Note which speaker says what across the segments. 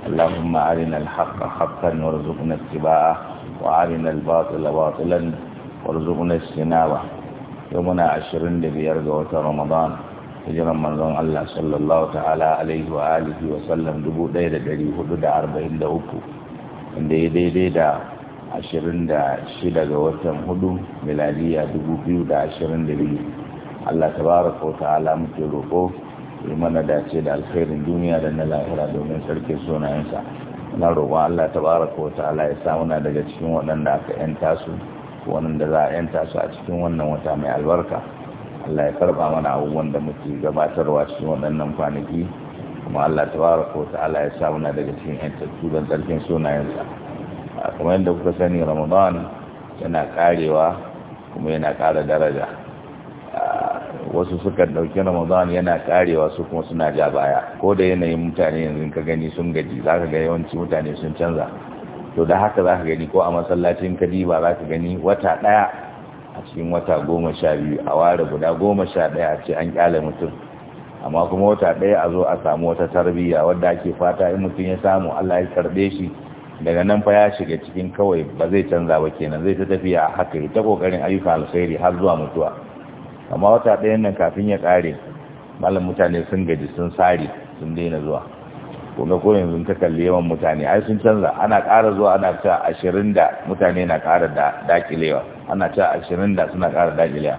Speaker 1: اللهم أرنا الحق حقا وارزقنا اتباعه وأرنا الباطل باطلا وارزقنا اجتنابه يومنا عشرين لبيار جوات رمضان hijiran manzon Allah sallallahu ta'ala alaihi wa alihi wa da 1443 inda ya daidai da 26 ga watan hudu miladiya 2022 Allah tabaraka wa ta'ala muke roƙo yi mana dace da alkhairin duniya da na lahira domin sarki sunayensa na roƙo Allah ta baraka wa ta'ala ya sa daga cikin waɗanda aka yanta su waɗanda za a yanta su a cikin wannan wata mai albarka Allah ya karɓa mana abubuwan da muke gabatarwa cikin waɗannan kwanaki kuma Allah ta baraka wa ta'ala ya sa muna daga cikin yantattu da sarkin sunayensa kamar yadda kuka sani ramadan yana karewa kuma yana ƙara daraja wasu suka ɗauki ramadan yana karewa su kuma suna ja baya ko da yanayin mutane yanzu ka gani sun gaji za ka ga yawanci mutane sun canza to da haka za ka gani ko a masallacin kadiba za ka gani wata ɗaya a cikin wata goma sha biyu a ware guda goma sha ɗaya a ce an ƙyale mutum amma kuma wata ɗaya a zo a samu wata tarbiyya wadda ake fata in mutum ya samu allah ya karbe shi daga nan fa ya shiga cikin kawai ba zai canza ba kenan zai ta tafiya haka ta kokarin ayyukan alkhairi har zuwa mutuwa amma wata ɗaya nan kafin ya ƙare malam mutane sun gaji sun tsari sun daina zuwa kuma ko yanzu ta kalli yawan mutane ai sun canza ana ƙara zuwa ana ta ashirin da mutane na ƙara da daƙilewa ana ta ashirin da suna ƙara daƙilewa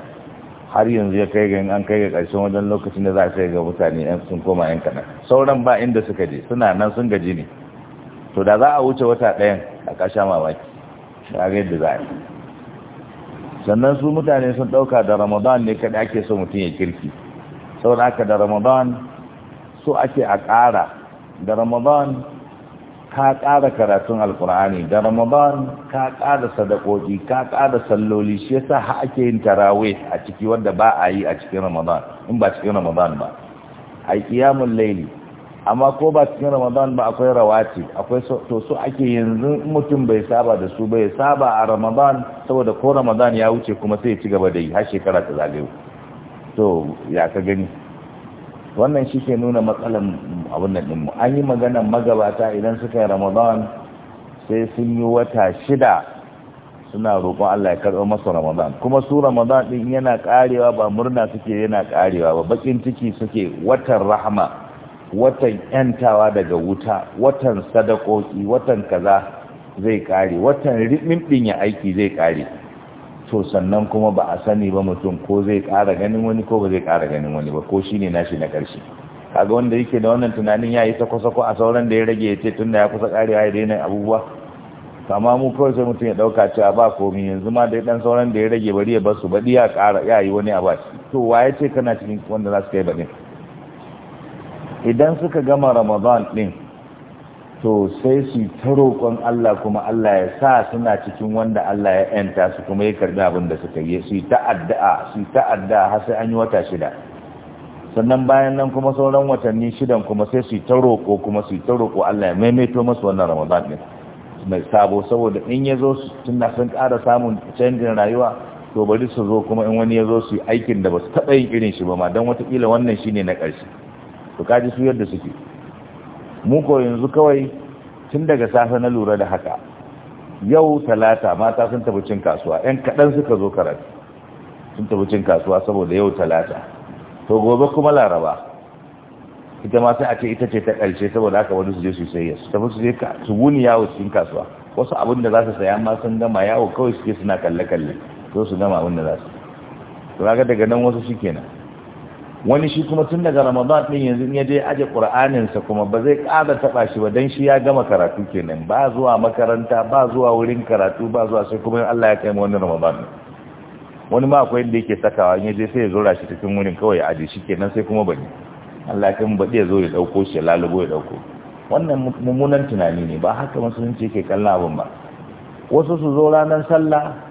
Speaker 1: har yanzu ya kai ga an kai ga ƙarshen wajen lokacin da za a kai ga mutane yan sun koma yan kaɗan sauran ba inda suka je suna nan sun gaji ne to da za a wuce wata ɗayan a ƙasha mamaki ga yadda za a yi sannan su mutane sun ɗauka da ramadan ne kada ake so mutum ya kirki saboda aka da ramadan so ake a ƙara da ramadan ka ƙara karatun alkur'ani da ramadan ka ƙara sadakoji ka ƙara salloli shi yasa ha ake yin tarawe a ciki wanda ba a yi a cikin ramadan in ba cikin ramadan ba a yi laili amma ko ba cikin ramadan ba akwai rawati akwai to su ake yanzu mutum bai saba da su bai saba a ramadan saboda ko ramadan ya wuce kuma sai ya ci gaba da yi har shekara ta zalewa to ya ka gani wannan shi ke nuna matsalan abin nan mu an yi magana magabata idan suka yi ramadan sai sun yi wata shida suna roƙon Allah ya karɓar masa ramadan kuma su ramadan din yana karewa ba murna suke yana karewa ba bakin ciki suke watan rahama watan ‘yantawa daga wuta watan sadakoki watan kaza zai kare watan riɓinɓin ya aiki zai kare to sannan kuma ba a sani ba mutum ko zai ƙara ganin wani ko ba zai ƙara ganin wani ba ko shi ne nashi na ƙarshe kaga wanda yake da wannan tunanin ya yi sako-sako a sauran da ya rage ya ce tun da ya kusa ƙarewa ya daina abubuwa kama mu kawai sai mutum ya dauka cewa ba komi yanzu ma da dan sauran da ya rage bari ya basu ba ya ƙara ya yi wani abaci to wa ya ce kana cikin wanda za su kai baɗin idan suka gama ramadan din to sai su ta roƙon Allah kuma Allah ya sa suna cikin wanda Allah ya ‘yanta su kuma ya karɓi abin da suka yi su yi addu'a su yi addu'a har sai an yi wata shida sannan bayan nan kuma sauran watanni shidan kuma sai su yi ta roƙo kuma su yi ta roƙo Allah ya maimaito masu wannan ramadan din mai sabo saboda in ya zo tun sun ƙara samun canjin rayuwa to bari su zo kuma in wani ya zo su yi aikin da ba su taɓa yin irin shi ba ma don watakila wannan shi ne na ƙarshe to kaji su yadda suke mu ko yanzu kawai tun daga safe na lura da haka yau talata mata sun tafi cin kasuwa yan kaɗan suka zo karatu sun tafi cin kasuwa saboda yau talata to gobe kuma laraba ita ma sai a ce ita ce ta ƙarshe saboda haka wani su je su sayar su tafi su je su wuni yawo cikin kasuwa wasu abin da za su saya ma sun gama yawo kawai suke suna kalle-kalle to su gama abin da za su to daga nan wasu shi kenan wani shi kuma tun daga ramadan din yanzu ya je aje qur'aninsa kuma ba zai kada taba shi ba dan shi ya gama karatu kenan ba zuwa makaranta ba zuwa wurin karatu ba zuwa sai kuma Allah ya kai mu wannan ramadan wani ma akwai inda yake sakawa in je sai ya zura shi cikin wurin kawai ya aje shi kenan sai kuma bane Allah ya kai mu bade ya zo ya dauko shi ya lalubo ya dauko wannan mummunan tunani ne ba haka musulunci yake kallon abin ba wasu su zo ranar sallah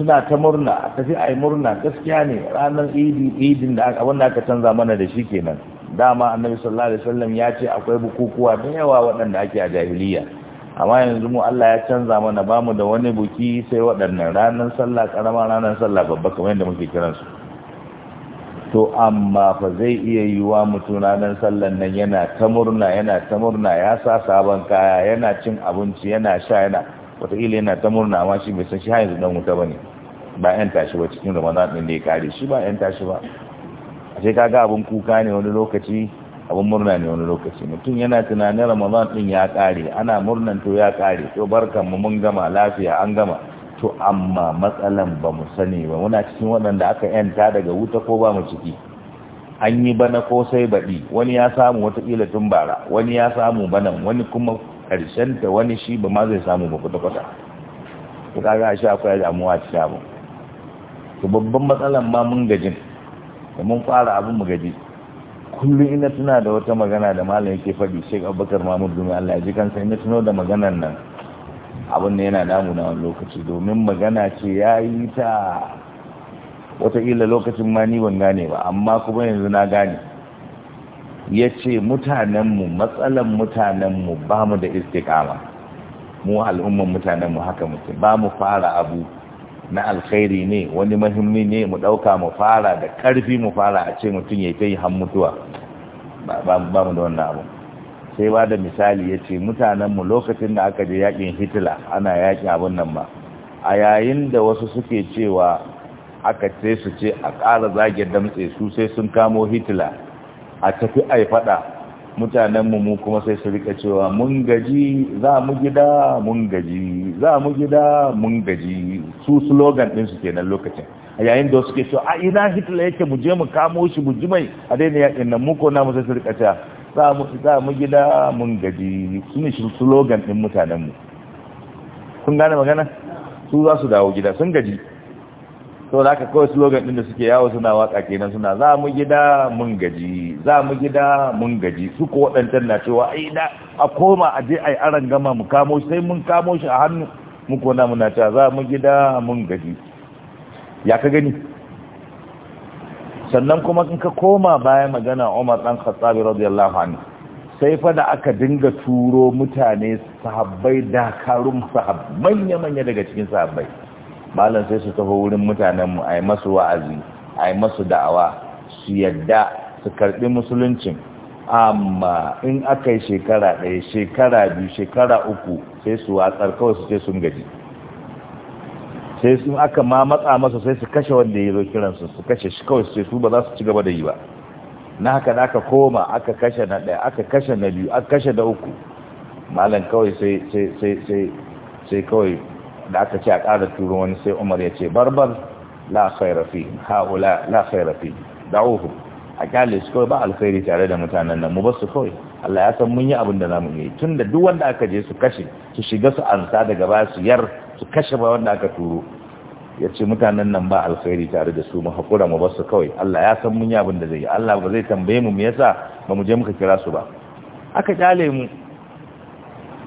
Speaker 1: suna ta murna a tafi a yi murna gaskiya ne ranar idi idin da aka wanda aka canza mana da shi kenan dama annabi sallallahu alaihi wasallam ya ce akwai bukukuwa da yawa waɗanda ake a jahiliya amma yanzu mu Allah ya canza mana ba mu da wani buki sai waɗannan ranar sallah karama ranar sallah babba kamar yadda muke kiran su to amma fa zai iya yiwa mutum ranar sallan nan yana ta murna yana ta murna ya sa sabon kaya yana cin abinci yana sha yana wataƙila yana ta murna amma shi bai san shi har yanzu dan wuta ne ba yan tashi ba cikin ramadan ɗin da ya kare shi ba yan tashi ba a ka ga abin kuka ne wani lokaci abin murna ne wani lokaci mutum yana tunanin ramadan din ya kare ana murnan to ya kare to barkan mu mun gama lafiya an gama to amma matsalan ba mu sani ba muna cikin waɗanda aka yanta daga wuta ko ba mu ciki an yi bana ko sai baɗi wani ya samu wataƙila tun bara wani ya samu banan wani kuma karshen ta wani shi ba ma zai samu ba kwata-kwata ku kaga shi akwai damuwa ci abu to babban matsalan ma mun gajin da mun fara abin mu gaji kullum ina tuna da wata magana da malam yake faɗi Sheikh Abubakar Mahmud Dumi Allah ya ji kansa ina tuno da maganar nan abin da yana damu na wani lokaci domin magana ce ya yi ta watakila lokacin ma ni ban gane ba amma kuma yanzu na gane ya ce mutanenmu matsalan mutanenmu ba mu da istikama mu al'umman mutanenmu haka mutum ba mu fara abu na alkhairi ne wani mahimmi ne mu ɗauka mu fara da ƙarfi mu fara a ce mutum ya ta yi mutuwa ba mu da wannan abu sai ba da misali ya ce mutanenmu lokacin da aka je yakin hitler ana yakin abin nan ba a yayin da wasu suke cewa aka ce su ce a ƙara zage damtse su sai sun kamo hitler a tafi ai fada mutanenmu mu kuma sai su rika cewa mun gaji za mu gida mun gaji za mu gida mun gaji su slogan din su kenan lokacin a yayin da suke cewa a ina hitler yake mu je mu kamo shi mu jimai a daina yakin nan mu ko na mu sai su rika cewa za mu gida mun gaji su ne shi slogan din mutanenmu kun gane magana su za su dawo gida sun gaji sau da aka kawai slogan ɗin da suke yawo suna waka kenan suna za mu gida mun gaji za mu gida mun gaji su ko waɗancan na cewa ai da a koma a je ai aran gama mu kamo shi sai mun kamo shi a hannu mu kona muna cewa za mu gida mun gaji ya ka gani sannan kuma in ka koma baya magana Umar dan Khattab radiyallahu anhu sai fa da aka dinga turo mutane sahabbai dakarun sahabbai manya-manya daga cikin sahabbai malam sai su taho wurin mutanenmu a yi masu wa'azi a yi masu da'awa su yadda su karɓi musuluncin amma in aka yi shekara ɗaya shekara biyu shekara uku sai su watsar kawai su ce sun gaji sai sun aka ma matsa masa sai su kashe wanda ya zo kiransu su kashe shi kawai su ce su ba za su ci gaba da yi ba na haka da aka koma aka kashe na ɗaya aka kashe na biyu aka kashe na uku malam kawai sai sai sai sai kawai da aka ce a ƙara turu wani sai umar ya ce barbar lafairafi khairafi haula la da a kyale su kawai ba alkhairi tare da mutanen nan mu ba su kawai Allah ya san mun yi abin da za mu yi tun da duk wanda aka je su kashe su shiga su ansa daga ba su yar su kashe ba wanda aka turo ya ce mutanen nan ba alkhairi tare da su mu haƙura mu ba su kawai Allah ya san mun yi abin da zai yi Allah ba zai tambaye mu me yasa ba mu je muka kira su ba aka kyale mu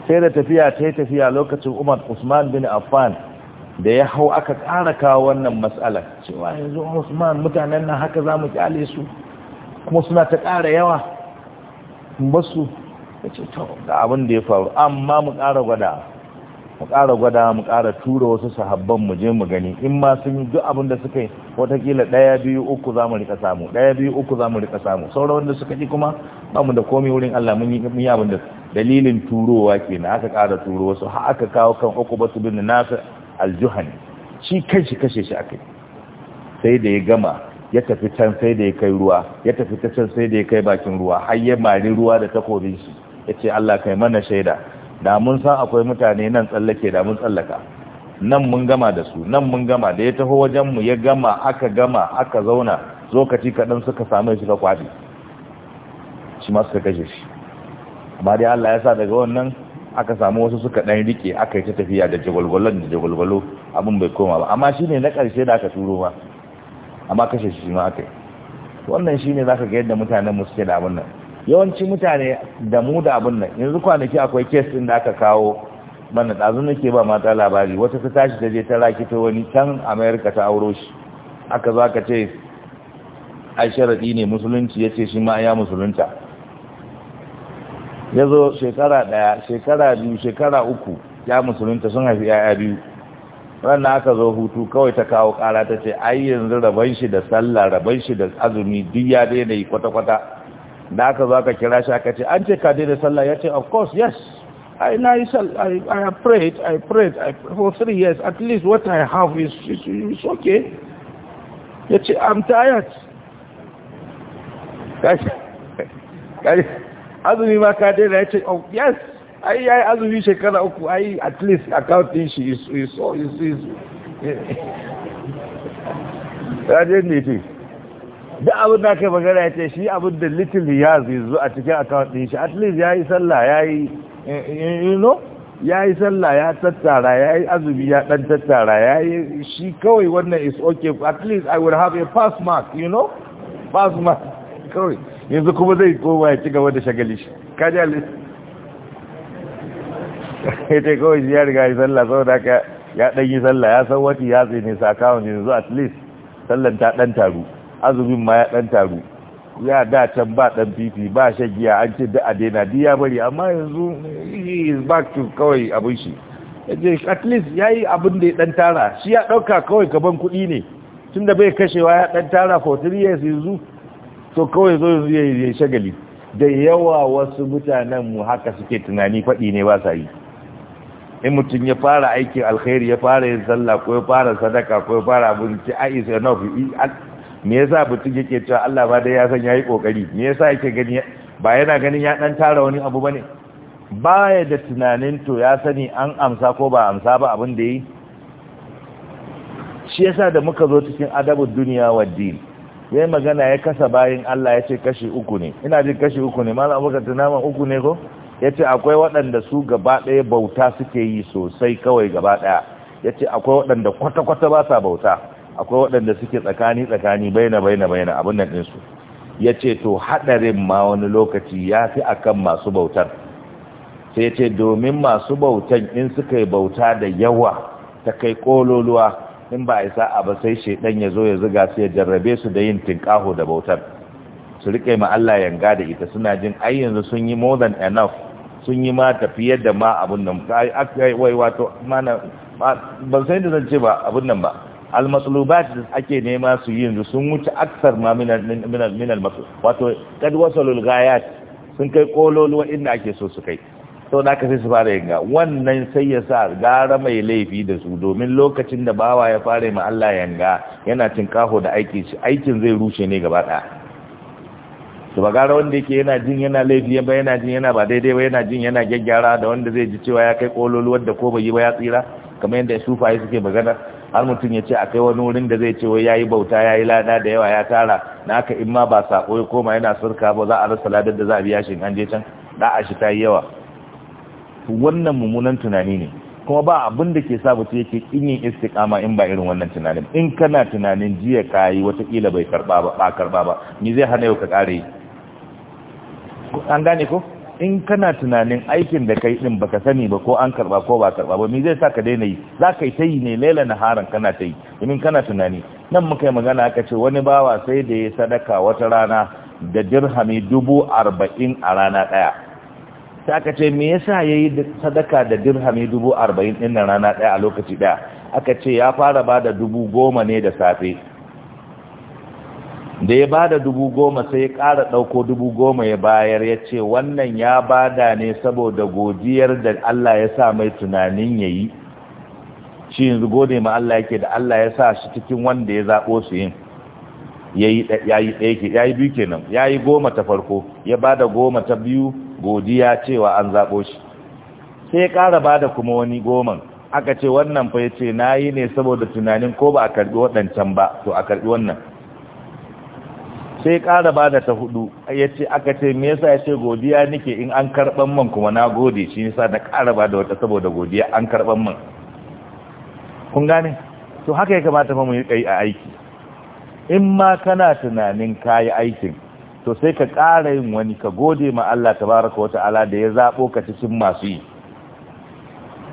Speaker 1: sai da tafiya ta tafiya lokacin umar usman bin affan da ya hau aka ƙara kawo wannan matsala cewa yanzu usman mutanen nan haka za mu kyale su kuma suna ta ƙara yawa basu da ce ga abin da ya faru amma mu ƙara gwada mu ƙara gwada mu ƙara tura wasu sahabban mu je mu gani in ma sun yi duk abin da suka yi watakila ɗaya biyu uku za mu rika samu ɗaya biyu uku za mu rika samu sauran wanda suka ji kuma ba mu da komi wurin allah mun yi abin da dalilin turowa ke na aka ƙara turo wasu har aka kawo kan uku su bin na aljuhani shi kanshi kashe shi akai sai da ya gama ya tafi can sai da ya kai ruwa ya tafi ta can sai da ya kai bakin ruwa har ya mari ruwa da takobin shi ce Allah kai mana shaida da mun san akwai mutane nan tsallake da mun tsallaka nan mun gama da su nan mun gama da ya taho wajen mu ya gama aka gama aka zauna lokaci kaɗan suka same shi ka kwaɗi shi ma suka kashe shi amma dai Allah ya sa daga wannan aka samu wasu suka dan rike aka yi ta tafiya da jagwalgwalon da jagwalgwalo abin bai koma ba amma shine na ƙarshe da aka turo ma amma kashe shi ma aka yi wannan shine zaka ga yadda mutanen mu suke da abin nan yawanci mutane da mu da abin nan yanzu kwanaki akwai kes din da aka kawo mana ɗazu nake ba mata labari wata ta tashi ta je ta rakito wani can america ta auro shi aka za ce ai sharadi ne musulunci ya ce shi ma ya musulunta ya zo shekara ɗaya shekara biyu shekara uku ya musulunta sun haifi yaya biyu wannan aka zo hutu kawai ta kawo ƙara ta ce ai yanzu rabon shi da sallah rabon shi da azumi duk ya daina yi kwata-kwata da aka zo aka kira shi aka ce an ce ka daina sallah ya ce of course yes I, na I sallah I prayed, I prayed for three years. At least what I have is, is, is okay. Yace, I'm tired. azumi ma ka daina ya ce oh yes ai ya yi azumi shekara uku ai at least account din shi is so is is ya je ne ce duk abin da aka magana ya ce shi abin da little ya zo a cikin account din shi at least ya yi sallah ya yi you know ya yi sallah ya tattara ya yi azumi ya dan tattara ya yi shi kawai wannan is okay at least i will have a pass mark you know pass mark kawai yanzu kuma zai koma ya ci gaba da shagali shi kaji alis ya ce kawai shi ya riga yi sallah sau da ya ɗan yi sallah ya san wata ya tsini sakawon yanzu at least sallan ta ɗan taru azumin ma ya ɗan taru ya da can ba ɗan fifi ba shagiya an ce da adena di ya bari amma yanzu he is back to kawai abin shi at least ya yi abin da ya ɗan tara shi ya ɗauka kawai gaban kuɗi ne tun da bai kashewa ya ɗan tara for three years yanzu so kawai zo yanzu ya shagali da yawa wasu mutanen mu haka suke tunani faɗi ne ba sa yi in mutum ya fara aikin alkhairi ya fara yin sallah ko ya fara sadaka ko ya fara abinci a na fi me yasa mutum yake cewa Allah ba dai ya san yayi kokari me yasa yake gani ba yana ganin ya dan tara wani abu bane baya da tunanin to ya sani an amsa ko ba amsa ba abin da yi shi yasa da muka zo cikin adabud duniya wa din yi magana ya kasa bayan Allah ya ce kashi uku ne ina jin kashi uku ne malam abubakar tunaman uku ne ko ya ce akwai waɗanda su gaba ɗaya bauta suke yi sosai kawai gaba ɗaya ya ce akwai waɗanda kwata-kwata ba sa bauta akwai waɗanda suke tsakani-tsakani baina-baina-baina abin nan ɗinsu ya ce to haɗarin ma wani lokaci ya fi akan masu bautar sai ya ce domin masu bautan in suka yi bauta da yawa ta kai ƙololuwa in ba a isa a ba sai shaidan ya zo ya zuga su ya jarrabe su da yin tinkaho da bautar su rike ma Allah yanga da ita suna jin ai yanzu sun yi more than enough sun yi ma tafiyar da ma abun nan ai wai wato mana ba sai da zan ce ba abun nan ba matlubat da ake nema su yi yanzu sun wuce aksar ma min min min wato kad wasalul ghayat sun kai kololuwa inda ake so su kai sau da aka sai su fara yin wannan sai ya sa gara mai laifi da su domin lokacin da bawa ya fara ma Allah yanga yana cin kaho da aiki shi aikin zai rushe ne gaba ɗaya su ba gara wanda yake yana jin yana laifi ba yana jin yana ba daidai ba yana jin yana gyaggyara da wanda zai ji cewa ya kai kololuwar wadda ko bai yi ba ya tsira kamar yadda sufaye suke magana har mutum ya ce a kai wani wurin da zai ce wai yayi bauta yayi lada da yawa ya tara na aka in ma ba sako ya koma yana surka ba za a rasa ladar da za a biya shi an je can a shi ta yi yawa wannan mummunan tunani ne kuma ba abin da ke sa ce yake kin yin istiqama in ba irin wannan tunanin in kana tunanin jiya kayi watakila bai karba ba ba karba ba ni zai hana yau ka kare an gane ko in kana tunanin aikin da kai din baka sani ba ko an karba ko ba karba ba me zai sa ka daina yi za ka yi ta yi ne laila haran kana ta yi domin kana tunani nan muka yi magana aka ce wani bawa sai da ya sadaka wata rana da dirhami dubu arba'in a rana ɗaya sai aka ce me yasa yi sadaka da dirhami dubu arba'in ɗin rana ɗaya a lokaci ɗaya aka ce ya fara ba da dubu goma ne da safe da ya ba da dubu goma sai ya ƙara ɗauko dubu goma ya bayar ya ce wannan ya bada ne saboda godiyar da Allah ya sa mai tunanin ya yi shi yanzu gode ma Allah yake da Allah ya sa shi cikin wanda ya zaɓo su yin ya yi biyu kenan ya yi goma ta farko ya ba da goma ta biyu godiya cewa an zaɓo shi sai ƙara ba da kuma wani goman aka ce wannan fa ya ce na yi ne saboda tunanin ko ba a karɓi waɗancan ba to a karɓi wannan sai ƙara ba da ta hudu ya ce aka ce me yasa ya ce godiya nike in an karɓan man kuma na gode shi sa na ƙara ba da wata saboda godiya an karɓan man kun gane to haka ya kamata fa mu yi a aiki in ma kana tunanin kayi aikin to sai ka ƙara yin wani ka gode ma Allah tabaraka wata ala da ya zaɓo ka cikin masu yi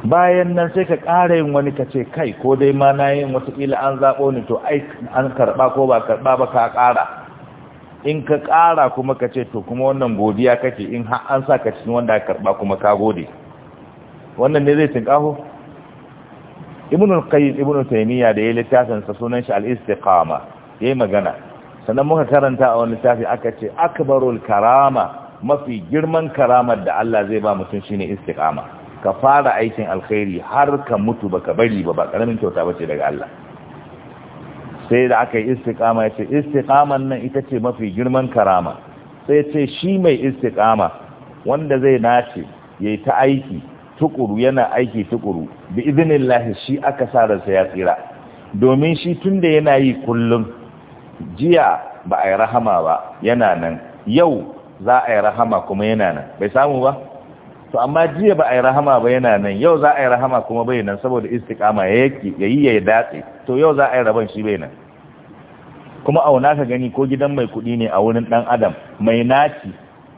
Speaker 1: bayan nan sai ka ƙara yin wani ka ce kai ko dai ma na yin watakila an zaɓo ni to ai an karɓa ko ba karɓa ba ka ƙara in ka ƙara kuma ka ce to kuma wannan godiya kake in har an sa ka cikin wanda ka karɓa kuma ka gode wannan ne zai tinƙaho Ibnu al-qayyim ibnu taymiya da ya littafin sa sunan shi al-istiqama yayi magana sannan muka karanta a wani littafi aka ce akbarul karama mafi girman karamar da Allah zai ba mutum shine istiqama ka fara aikin alkhairi har ka mutu baka bari ba ba karamin kyauta bace daga Allah sai da aka yi istiqama yace istiqaman nan ita ce mafi girman karama sai yace shi mai istiqama wanda zai nace yayi ta aiki tukuru yana aiki tukuru bi idnillahi shi aka sa ransa ya tsira domin shi tunda yana yi kullum jiya ba a yi rahama ba yana nan yau za a yi rahama kuma yana nan bai samu ba to amma jiya ba a yi rahama ba yana nan yau za a yi rahama kuma bai nan saboda istiqama ya yi ya datse to yau za a yi rabon shi bai nan kuma auna ka gani ko gidan mai kuɗi ne a wurin ɗan adam mai naci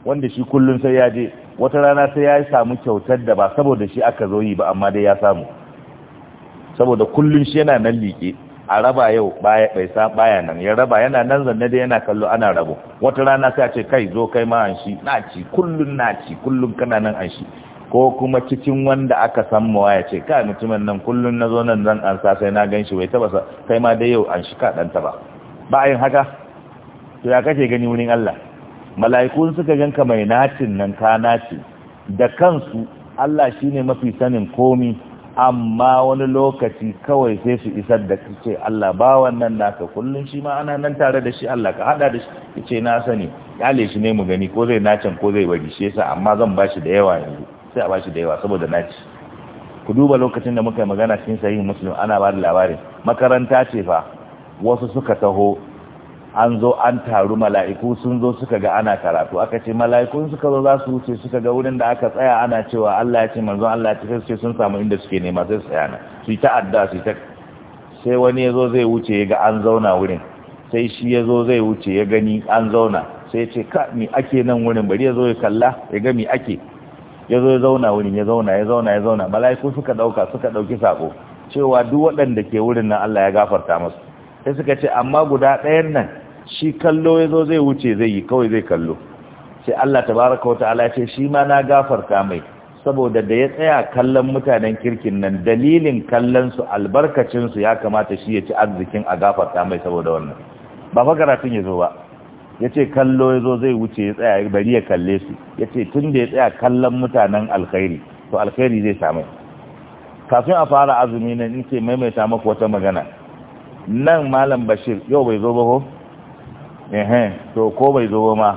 Speaker 1: wanda shi kullum sai ya je wata rana sai ya samu kyautar da ba saboda shi aka zo yi ba amma dai ya samu saboda kullum shi yana nan liƙe a raba yau bai sa baya nan ya raba yana nan zanne da yana kallo ana rabo wata rana sai a ce kai zo kai ma an shi na ci kullun na ci kullun kana nan an shi ko kuma cikin wanda aka san mawa ya ce kai mutumin nan kullun na zo nan zan an sa sai na gan shi bai taba kai ma dai yau an shi ka dan taba ba yin haka to ya kace gani wurin Allah mala'ikun suka ganka mai nacin nan ka naci da kansu Allah shine mafi sanin komi amma wani lokaci kawai sai su isar da ce Allah ba wannan naka kullum shi ma ana nan tare da shi Allah ka hada da shi kace na sani kyale shi ne mu gani ko zai nacin ko zai bari shi yasa amma zan bashi da yawa yanzu sai a bashi da yawa saboda naci ku duba lokacin da muka yi magana cikin sahihin muslim ana ba da labarin makaranta ce fa wasu suka taho an zo an taru mala'iku sun zo suka ga ana karatu aka ce mala'ikun suka zo za su wuce suka ga wurin da aka tsaya ana cewa Allah ya ce manzon Allah ya ce sai sun samu inda suke nema sai su tsaya na su yi ta'adda su ta sai wani ya zo zai wuce ya ga an zauna wurin sai shi ya zo zai wuce ya gani an zauna sai ya ce ka mi ake nan wurin bari ya zo ya kalla ya ga mi ake ya zo ya zauna wurin ya zauna ya zauna ya zauna mala'iku suka dauka suka dauki sako cewa duk waɗanda ke wurin nan Allah ya gafarta musu sai suka ce amma guda ɗayan nan shi kallo ya zo zai wuce zai yi kawai zai kallo sai Allah ta tabaraka wa ta'ala ce shi ma na gafarta mai saboda da ya tsaya kallon mutanen kirkin nan dalilin kallon su albarkacin ya kamata shi ya ci arzikin a gafarta mai saboda wannan ba fa karatun ya zo ba ya ce kallo ya zo zai wuce ya tsaya bari ya kalle su ya ce tun da ya tsaya kallon mutanen alkhairi to alkhairi zai samu kafin a fara azumi nan ce maimaita maku wata magana nan malam bashir yau bai zo ba ko ehen to ko bai zo ma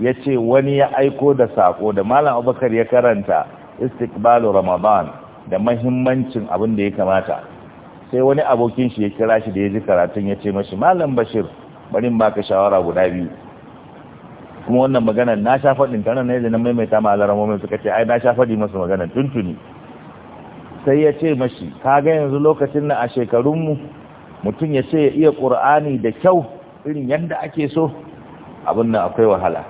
Speaker 1: ya ce wani ya aiko da sako da malam abubakar ya karanta istiqbalu ramadan da mahimmancin abin da ya kamata sai wani abokin shi ya kira shi da ya ji karatun ya ce mashi malam bashir bari baka shawara guda biyu kuma wannan magana na sha faɗin tare ne da na maimaita ma alaran suka ce ai na sha faɗi masa magana tuntuni sai ya ce mashi ka ga yanzu lokacin na a shekarunmu mutum ya ce ya iya ƙur'ani da kyau irin yadda ake so abin da akwai wahala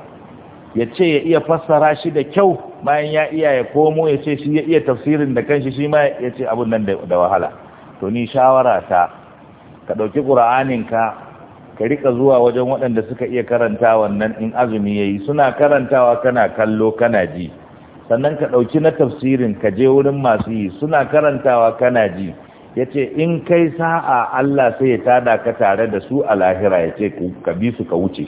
Speaker 1: ya ce ya iya fassara shi da kyau bayan ya iya ya komo ya ce shi ya iya tafsirin da kanshi shi ma ya ce abin nan da wahala to ni shawara ta ka ɗauki ƙura'aninka ka rika zuwa wajen waɗanda suka iya karanta wannan in azumi ya yi suna karantawa kana kallo kana ji sannan ka ɗauki na tafsirin ka je wurin masu yi suna karantawa kana ji ya ce in kai sa'a Allah sai ya tada ka tare da su a lahira ya ce ka bi su ka wuce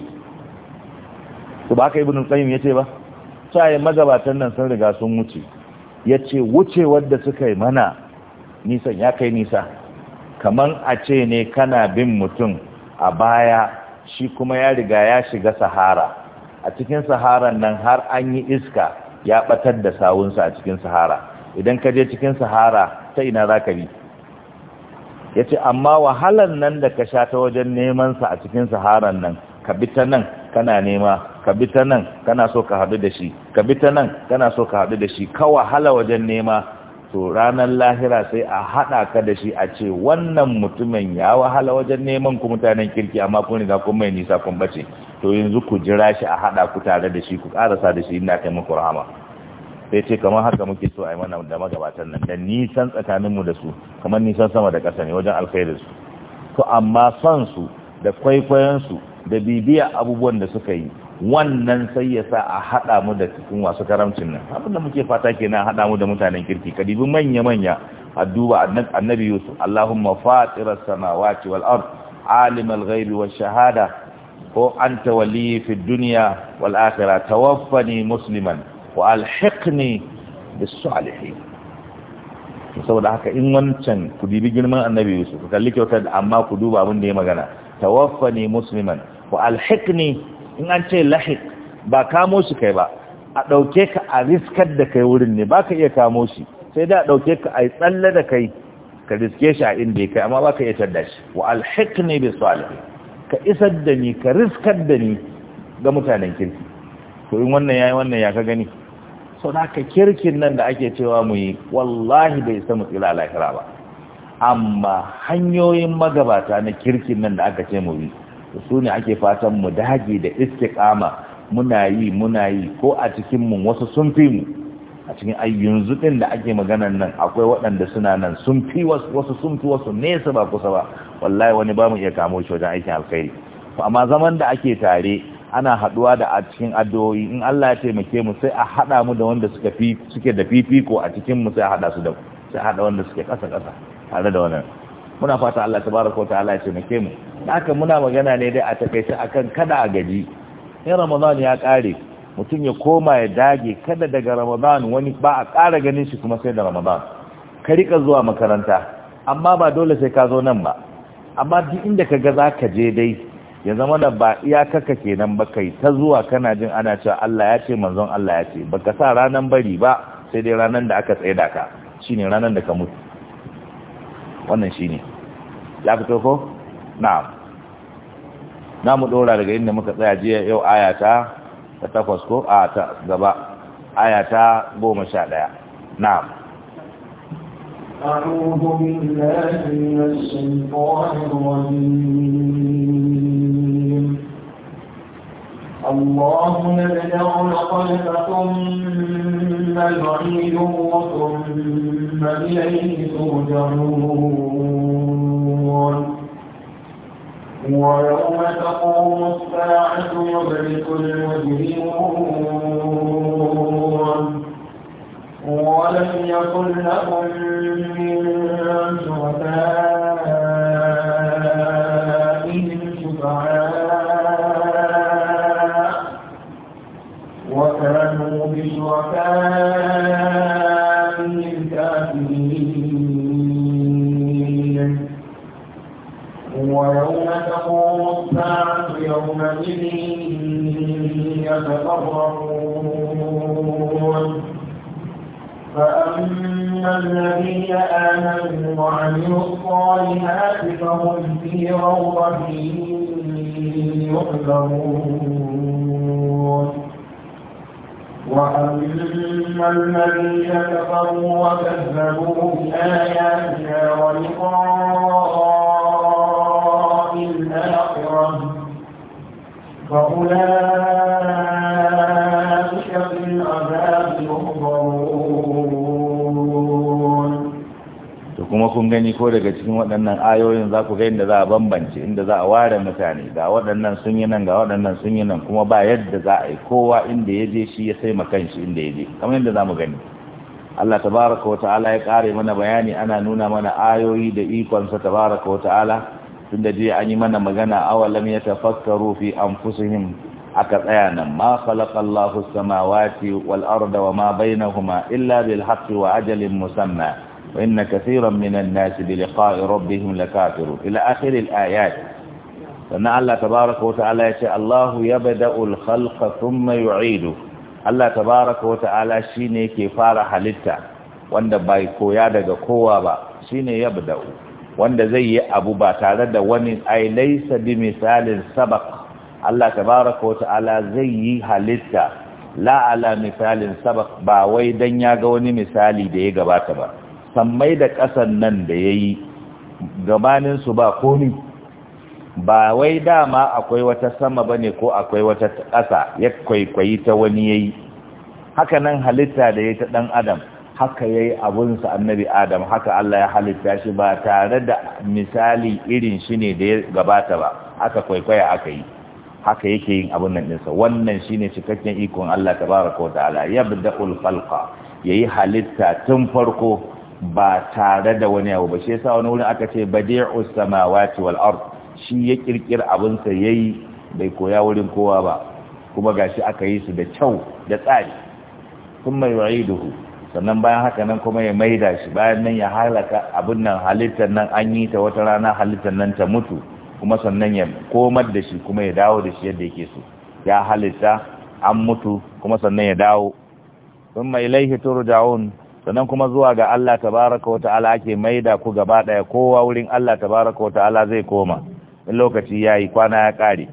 Speaker 1: su ba ka yi ibinin tsayin ya ce ba sa'ayi magabatan nan sun riga sun wuce ya ce wuce wadda suka yi mana nisan ya kai nisa kaman a ce ne kana bin mutum a baya shi kuma ya riga ya shiga sahara a cikin saharan nan har an yi iska ya ɓatar da sawunsa a cikin sahara idan ka je cikin sahara ta ina za ka bi ya ce amma wahalan nan da ka sha ta wajen neman sa a cikin saharan nan ka bi ta nan kana nema ka bi ta nan kana so ka haɗu da shi ka bi ta nan kana so ka haɗu da shi ka wahala wajen nema to ranar lahira sai a haɗa ka da shi a ce wannan mutumin ya wahala wajen neman ku mutanen kirki amma kun riga kun mai nisa kun bace to yanzu ku jira shi a haɗa ku tare da shi ku ƙarasa da shi ina kai muku rahama sai ce kamar haka muke so a yi mana da magabatan nan da nisan tsakaninmu da su kamar nisan sama da ƙasa ne wajen alkhairin to amma son su da kwaikwayonsu da bibiya abubuwan da suka yi wannan sai ya sa a haɗa mu da cikin wasu karamcin nan abin da muke fata ke kenan haɗa mu da mutanen kirki kadibi manya-manya a duba annabi yusuf allahumma fatirar samawati wal ard alimal ghaibi wa shahada ko anta waliyyi fi dunya wal akhirah tawaffani musliman wa alhiqni saboda haka in wancan ku dibi girman annabi Yusuf kalli kyautar amma ku duba abin da ya magana tawaffani musliman wa alhiqni in an ce lahik ba kamo shi kai ba a dauke ka a riskar da kai wurin ne baka iya kamo shi sai da dauke ka a tsalle da kai ka riske shi a inda kai amma baka iya tadda shi wa alhiqni ka isar da ni ka riskar da ni ga mutanen kirki ko in wannan yayi wannan ya ka gani so kirkin nan da ake cewa mu yi wallahi bai samu tsila lahira ba amma hanyoyin magabata na kirkin nan da aka ce mu yi su ne ake fatan mu dage da istiqama muna yi muna yi ko a cikin mu wasu sun fi mu a cikin ai da ake maganan nan akwai waɗanda suna nan sun fi wasu sun fi wasu nesa ba kusa ba wallahi wani ba mu iya kamo shi wajen aikin alkhairi amma zaman da ake tare ana haɗuwa da a cikin addu'o'i in Allah ya taimake mu sai a hada mu da wanda suka fi suke da fifiko a cikin mu sai a hada su da sai a hada wanda suke kasa kasa tare da wannan muna fata Allah tabaraka ta'ala ya taimake mu haka muna magana ne dai a takaice akan kada a gaji in Ramadan ya ƙare, mutum ya koma ya dage kada daga Ramadan wani ba a ƙara ganin shi kuma sai da Ramadan ka rika zuwa makaranta amma ba dole sai ka zo nan ba amma duk inda ka ga za ka je dai ya zama da ba iyakaka kenan ba kai ta zuwa kana jin ana cewa Allah ya ce manzon Allah ya ce baka sa ranan bari ba sai dai ranan da aka tsaye da ka shine ranan da ka mutu wannan shine ya fito ko na'am na mu dora daga inda muka tsaya jiya yau aya ta takwas ko a ta gaba aya ta 11 na'am
Speaker 2: أعوذ بالله من الشيطان الرجيم الله يبدأ الخلق ثم يعيده ثم إليه ترجعون ويوم تقوم الساعة يبلس المجرمون ولم يكن لهم من شركائهم شفعاء وكانوا بشركائهم كافرين ويوم تقوم الساعة يومئذ يتفرقون إن الذين آمنوا وعملوا الصالحات فهم في روضة يؤمرون وأما الذين كفروا وكذبوا بآياتنا ولقاء الآخرة فأولئك
Speaker 1: kuma kun gani ko daga cikin waɗannan ayoyin za ku ga inda za a bambance inda za a ware mutane ga waɗannan sun yi nan ga waɗannan sun yi nan kuma ba yadda za a yi kowa inda ya je shi ya sai makan shi inda ya je kamar yadda za mu gani Allah tabaraka wa ta'ala ya kare mana bayani ana nuna mana ayoyi da ikonsa tabaraka wa ta'ala tunda dai an yi mana magana awalam tafakkaru fi anfusihim aka tsaya nan ma khalaqallahu as-samawati wal arda wa ma bainahuma illa bil haqqi wa ajalin musamma وإن كثيرا من الناس بلقاء ربهم لكافرون إلى آخر الآيات فإن الله تبارك وتعالى يشاء الله يبدأ الخلق ثم يعيده الله تبارك وتعالى شيني كفار حلتا wanda bai koya daga kowa ba shine yabda'u wanda zai yi abu ba tare da wani ai laysa bi misalin sabaq Allah tabaaraka wa ta'ala zai yi halitta la misalin sabaq ba wai dan ya ga wani misali da ya gabata ba sammai da ƙasan nan da ya yi gabaninsu ba komi ba wai dama akwai wata sama ba ko akwai wata ƙasa ya kwaikwayi ta wani ya yi haka nan halitta da ya ta ɗan adam haka ya yi abunsa annabi adam haka Allah ya halitta shi ba tare da misali irin shi ne da ya gabata ba aka kwaikwaya aka yi haka yake yin abun nan ɗinsa wannan shi ne cikakken ikon Allah ta tabaraka wa ta'ala ya da'ul falka ya yi halitta tun farko ba tare da wani abu ba shi yasa wani wurin aka ce badi'us samawati wal ard shi ya kirkir abin sa yayi bai koya wurin kowa ba kuma gashi aka yi su da kyau da tsari kuma yu'iduhu sannan bayan haka nan kuma ya maida shi bayan nan ya halaka abin nan halittar nan an yi ta wata rana halittar nan ta mutu kuma sannan ya komar da shi kuma ya dawo da shi yadda yake so ya halitta an mutu kuma sannan ya dawo kuma mai turja'un sannan kuma zuwa ga Allah tabaraka ta'ala ake maida ku gaba daya kowa wurin Allah tabaraka ta'ala zai koma in lokaci yayi kwana ya kare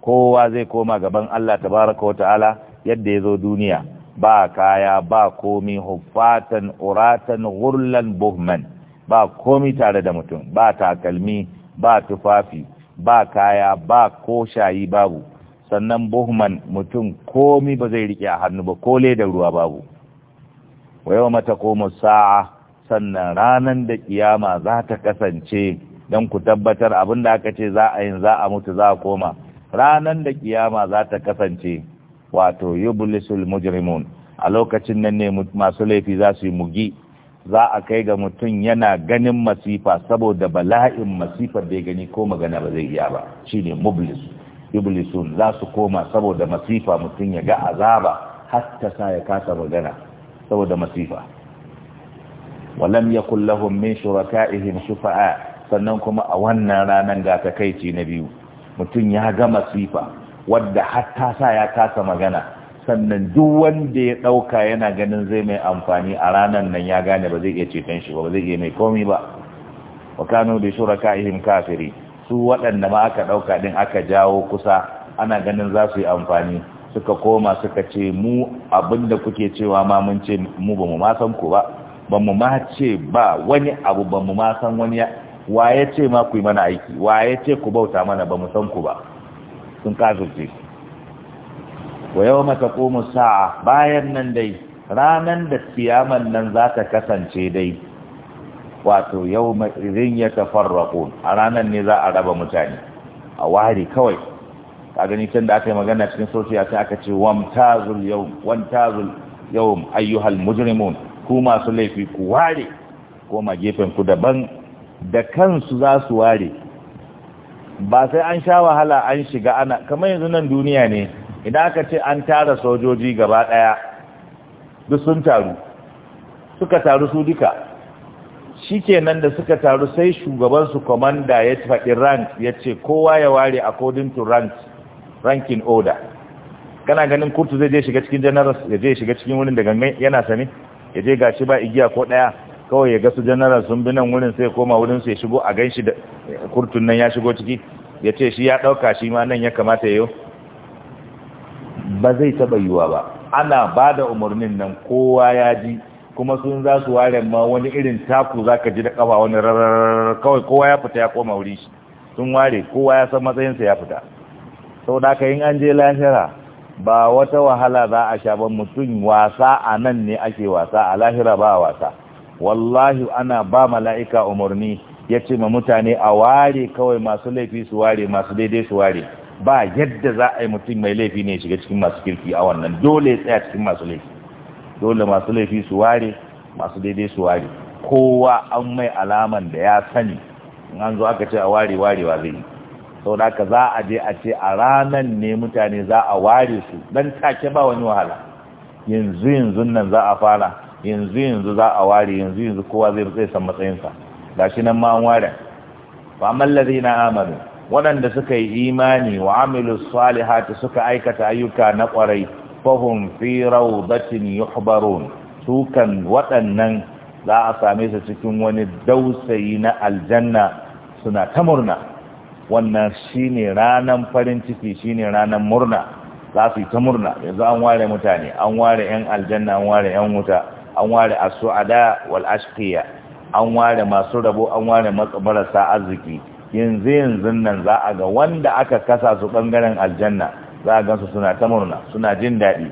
Speaker 1: kowa zai koma gaban Allah tabaraka ta'ala yadda ya zo duniya ba kaya ba komi hufatan uratan ghurlan buhman ba komi tare da mutum ba takalmi ba tufafi ba kaya ba ko shayi babu sannan buhman mutum komi ba zai riƙe a hannu ba kole da ruwa babu wa yau mata komo sa'a sannan ranar da kiyama za ta kasance don ku tabbatar abin da aka ce za a yin za a mutu za a koma ranar da ƙiyama za ta kasance wato yublisul mujrimun a lokacin nan ne masu laifi za su yi mugi za a kai ga mutum yana ganin masifa saboda bala'in masifar da ya gani ko magana ba zai iya ba shine mublis za su koma saboda masifa mutum ya ga azaba hatta sa ya kasa magana saboda masifa walam yakul lahum min shuraka'ihim shufa'a sannan kuma a wannan ranan ga takeici na biyu mutum ya ga masifa wadda hatta sa ya kasa magana sannan duk wanda ya dauka yana ganin zai mai amfani a ranan nan ya gane ba zai iya ceton shi ba zai iya mai komai ba wa kanu bi shuraka'ihim kafiri su waɗanda ma aka dauka din aka jawo kusa ana ganin za su yi amfani suka koma suka ce mu abinda kuke cewa ma mun ce mu ba mu ma san ku ba ba mu ma ce ba wani abu ba mu ma san wani wa ya ce ma ku yi mana aiki wa ya ce ku bauta mana ba mu san ku ba sun kazurce wa yau mata komu sa'a bayan nan dai ranan da kiyaman nan za ta kasance dai wato yau ma'irin ya tafarraƙo a ranar ne za a raba mutane a ware kawai ka gani can da aka yi magana cikin sosiya sai aka ce wamtazul yau wamtazul yawm ayyuhal mujrimun ku masu laifi ku ware koma gefen ku daban da kansu za su ware ba sai an sha wahala an shiga ana kamar yanzu nan duniya ne idan aka ce an tara sojoji gaba daya duk sun taru suka taru su duka shikenan da suka taru sai shugabansu commander ya faɗi rank ya ce kowa ya ware according to rank ranking order kana ganin kurtu zai je shiga cikin generals ya je shiga cikin wurin da gangan yana sami ya je gashi ba igiya ko daya kawai ya ga su generals sun bi nan wurin sai koma wurin su ya shigo a ganshi da kurtun nan ya shigo ciki ya ce shi ya dauka shi ma nan ya kamata yayo ba zai taba yiwa ba ana bada umarnin nan kowa ya ji kuma sun za su ware ma wani irin taku za ka ji da kafa wani rarrarrar kawai kowa ya fita ya koma wuri shi sun ware kowa ya san matsayinsa ya fita sau da ka yin an je lahira ba wata wahala za a sha ba mutum wasa a nan ne ake wasa a lahira ba wasa wallahi ana ba mala'ika umarni ya ce ma mutane a ware kawai masu laifi su ware masu daidai su ware ba yadda za a yi mutum mai laifi ne shiga cikin masu kirki a wannan dole ya tsaya cikin masu laifi dole masu laifi su ware masu daidai su ware kowa an mai alaman da ya sani in an zo aka ce a ware warewa zai yi sau ka za a je a ce a ranar ne mutane za a ware su don take ba wani wahala yanzu yanzu nan za a fara yanzu yanzu za a ware yanzu yanzu kowa zai zai san matsayinsa ga shi nan ma an ware fa mallazi na amanu waɗanda suka yi imani wa amilu salihati suka aikata ayyuka na ƙwarai fahum fi rawdatin yuhbarun su kan waɗannan za a same su cikin wani dausayi na aljanna suna ta murna wannan shine ranan farin ciki shine ranan murna za su yi ta murna yanzu an ware mutane an ware yan aljanna an ware yan wuta an ware as-su'ada wal ashqiya an ware masu rabo an ware marasa arziki yanzu yanzu nan za a ga wanda aka kasa su bangaren aljanna za a gansu suna ta murna suna jin daɗi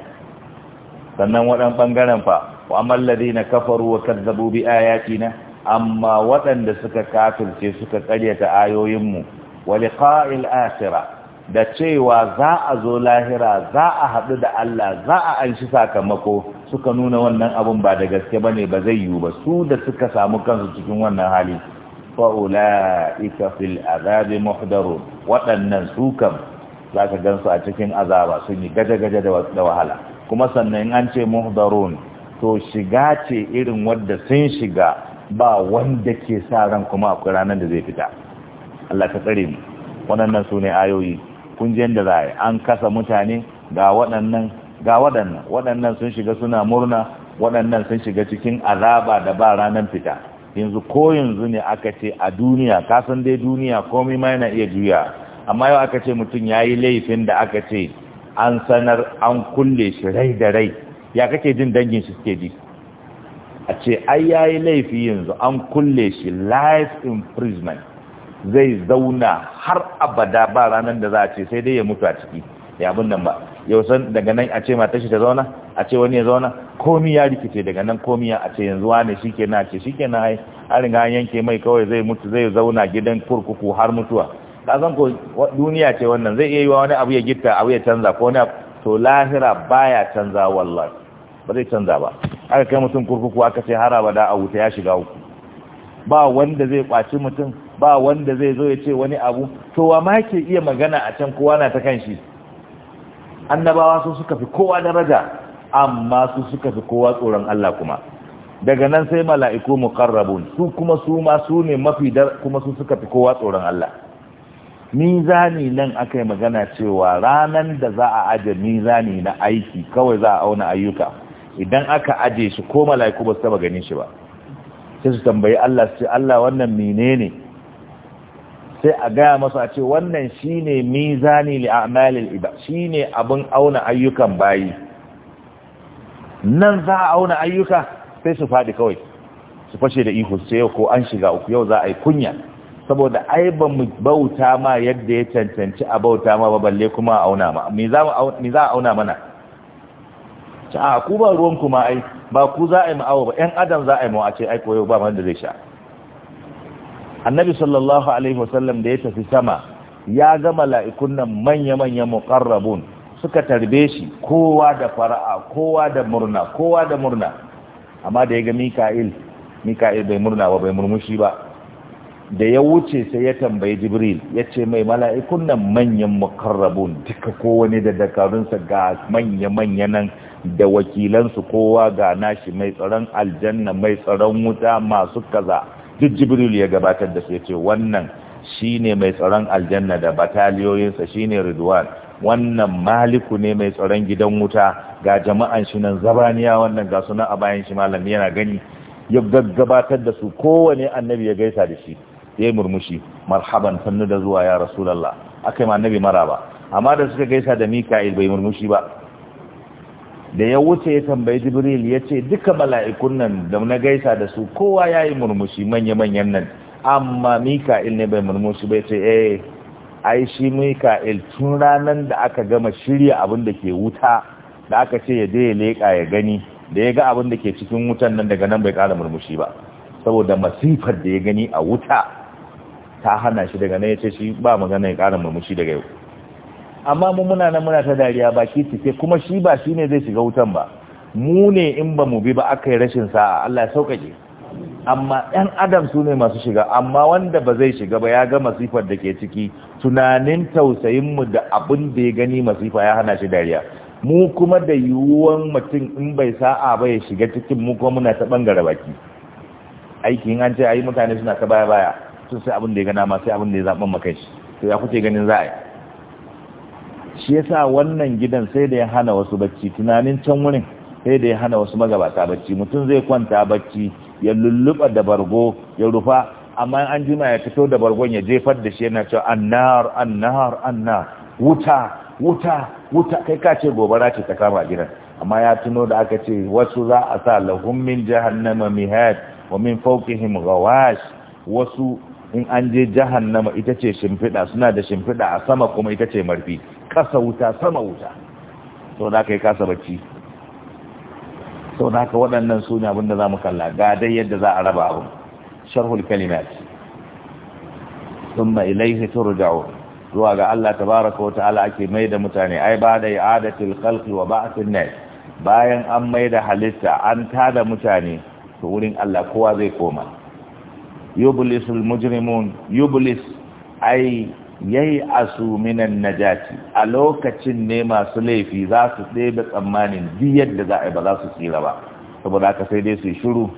Speaker 1: sannan waɗan bangaren fa wa mallari ruwa kafaru wa kazzabu bi ayatina amma waɗanda suka kafirce suka ƙaryata ayoyinmu wa liqa'il akhirah da cewa za a zo lahira za a haɗu da Allah za a anshi sakamako suka nuna wannan abun ba da gaske ba ne ba zai yiwu ba su da suka samu kansu cikin wannan hali fa'ula'ika fil azabi muhdaru waɗannan su kam za ka gansu a cikin azaba sun yi gaje-gaje da wahala kuma sannan an ce muhdarun to shiga ce irin wanda sun shiga ba wanda ke sa ran kuma akwai ranar da zai fita Allah ka tsare mu waɗannan su ayoyi kun ji yadda za an kasa mutane ga waɗannan ga waɗannan waɗannan sun shiga suna murna waɗannan sun shiga cikin azaba da ba ranar fita yanzu ko yanzu ne aka ce a duniya kasan dai duniya komai ma yana iya juya amma yau aka ce mutum ya yi laifin da aka ce an sanar an kulle shi rai da rai ya kake jin dangin shi suke ji a ce ai ya yi laifi yanzu an kulle shi life imprisonment zai zauna har abada ba ranar da za a ce sai dai ya mutu a ciki ya abin nan ba yau san daga nan a ce mata shi ta zauna a ce wani ya zauna komi ya rikice daga nan komi ya a ce yanzu wane shi ke na ce shi ke na hai an ga yanke mai kawai zai mutu zai zauna gidan kurkuku har mutuwa ka san ko duniya ce wannan zai iya yi wa wani abu ya gitta abu ya canza ko ne to lahira baya canza wallahi ba zai canza ba aka kai mutum kurkuku aka ce har abada a wuta ya shiga uku ba wanda zai kwaci mutum ba wanda zai zo ya ce wani abu to wa ma ke iya magana a can kowa na ta kan shi annabawa su suka fi kowa daraja amma su suka fi kowa tsoron Allah kuma daga nan sai mala'iku muqarrabun su kuma su ma su ne mafi dar kuma su suka fi kowa tsoron Allah mizani nan aka yi magana cewa ranan da za a aje mizani na aiki kawai za a auna ayyuka idan aka aje shi ko mala'iku ba su taba ganin shi ba sai su tambayi Allah su ce Allah wannan menene sai a gaya masu a ce wannan shine mizani li iba shi shine abin auna ayyukan bayi nan za a auna ayyuka sai su faɗi kawai su fashe da ihu sai yau ko an shiga uku yau za a yi kunya saboda ai ba mu bauta ma yadda ya cancanci a bauta ma ba balle kuma a auna ma me za a auna mana ta a ku ba ruwan kuma ai ba ku za a yi ma'awa ba yan adam za a yi mawa ce ai koyo ba man da zai sha annabi sallallahu alaihi wasallam da ya tafi sama ya ga mala'ikun nan manya-manya muqarrabun suka tarbe shi kowa da fara'a kowa da murna kowa da murna amma da ya ga mika'il mika'il bai murna ba bai murmushi ba da ya wuce sai ya tambayi jibril ya ce mai mala'ikun nan manyan mukarrabun duka kowane da dakarunsa ga manya-manya nan da wakilansu kowa ga nashi mai tsaron aljanna mai tsaron wuta masu kaza duk jibril ya gabatar da su ce wannan shine mai tsaron aljanna da bataliyoyinsa shine ridwan wannan maliku ne mai tsaron gidan wuta ga jama'an shi nan zabaniya wannan ga sunan a bayan shi malami yana gani ya gaggabatar da su kowane annabi ya gaisa da shi ya murmushi marhaban sannu da zuwa ya rasulallah aka yi ma annabi maraba amma da suka gaisa da mika'il bai murmushi ba da ya wuce ya tambayi jibril ya ce duka mala'ikun nan da na gaisa da su kowa ya yi murmushi manya-manyan nan amma mika'il ne bai murmushi bai ce eh ai shi mika'il tun ranar da aka gama shirya abin da ke wuta da aka ce ya je ya leƙa ya gani da ya ga abin da ke cikin wutan nan daga nan bai ƙara murmushi ba saboda masifar da ya gani a wuta ta hana shi daga nan ya ce shi ba magana ya ƙara murmushi daga yau amma mu muna nan muna ta dariya baki cike kuma shi ba shi ne zai shiga wutan ba mu ne in ba mu bi ba aka rashin sa'a Allah ya sauƙaƙe amma ɗan adam su ne masu shiga amma wanda ba zai shiga ba ya ga masifar da ke ciki tunanin tausayin mu da abin da ya gani masifa ya hana shi dariya mu kuma da yiwuwan mutum in bai sa'a ba ya shiga cikin mu kuma muna ta bangare baki aikin an ce ayi mutane suna ta baya baya sun sai abin da ya gana ma sai abin da ya zaɓa maka shi to ya kuke ganin za a yi shi yasa wannan gidan sai da ya hana wasu bacci tunanin can wurin sai da ya hana wasu magabata bacci mutum zai kwanta bacci ya lulluɓa da bargo ya rufa amma an jima ya fito da bargon ya jefar da shi yana cewa annar annar annar wuta wuta wuta kai ka ce gobara ce ta kama gidan amma ya tuno da aka ce wasu za a sa lahum min jahannama mihad wa min fawqihim ghawash wasu in an je jahannama ita ce shimfiɗa suna da shimfiɗa a sama kuma ita ce marfi ƙasa wuta sama wuta sau da aka yi kasa bacci sau da aka waɗannan suna abinda za mu kalla ga dai yadda za a raba abu sharhul kalimat thumma da turja'un zuwa ga Allah ta tabaraka wata ta'ala ake mai da mutane ai ba da adatil kalki wa ba'thin nas bayan an mai da halitta an tada mutane to wurin Allah kowa zai koma yublisul mujrimun yublis ai yayi asu minan najati a lokacin ne masu laifi za su ɗebe tsammanin biyar da za a yi ba za su tsira ba saboda haka sai dai su yi shiru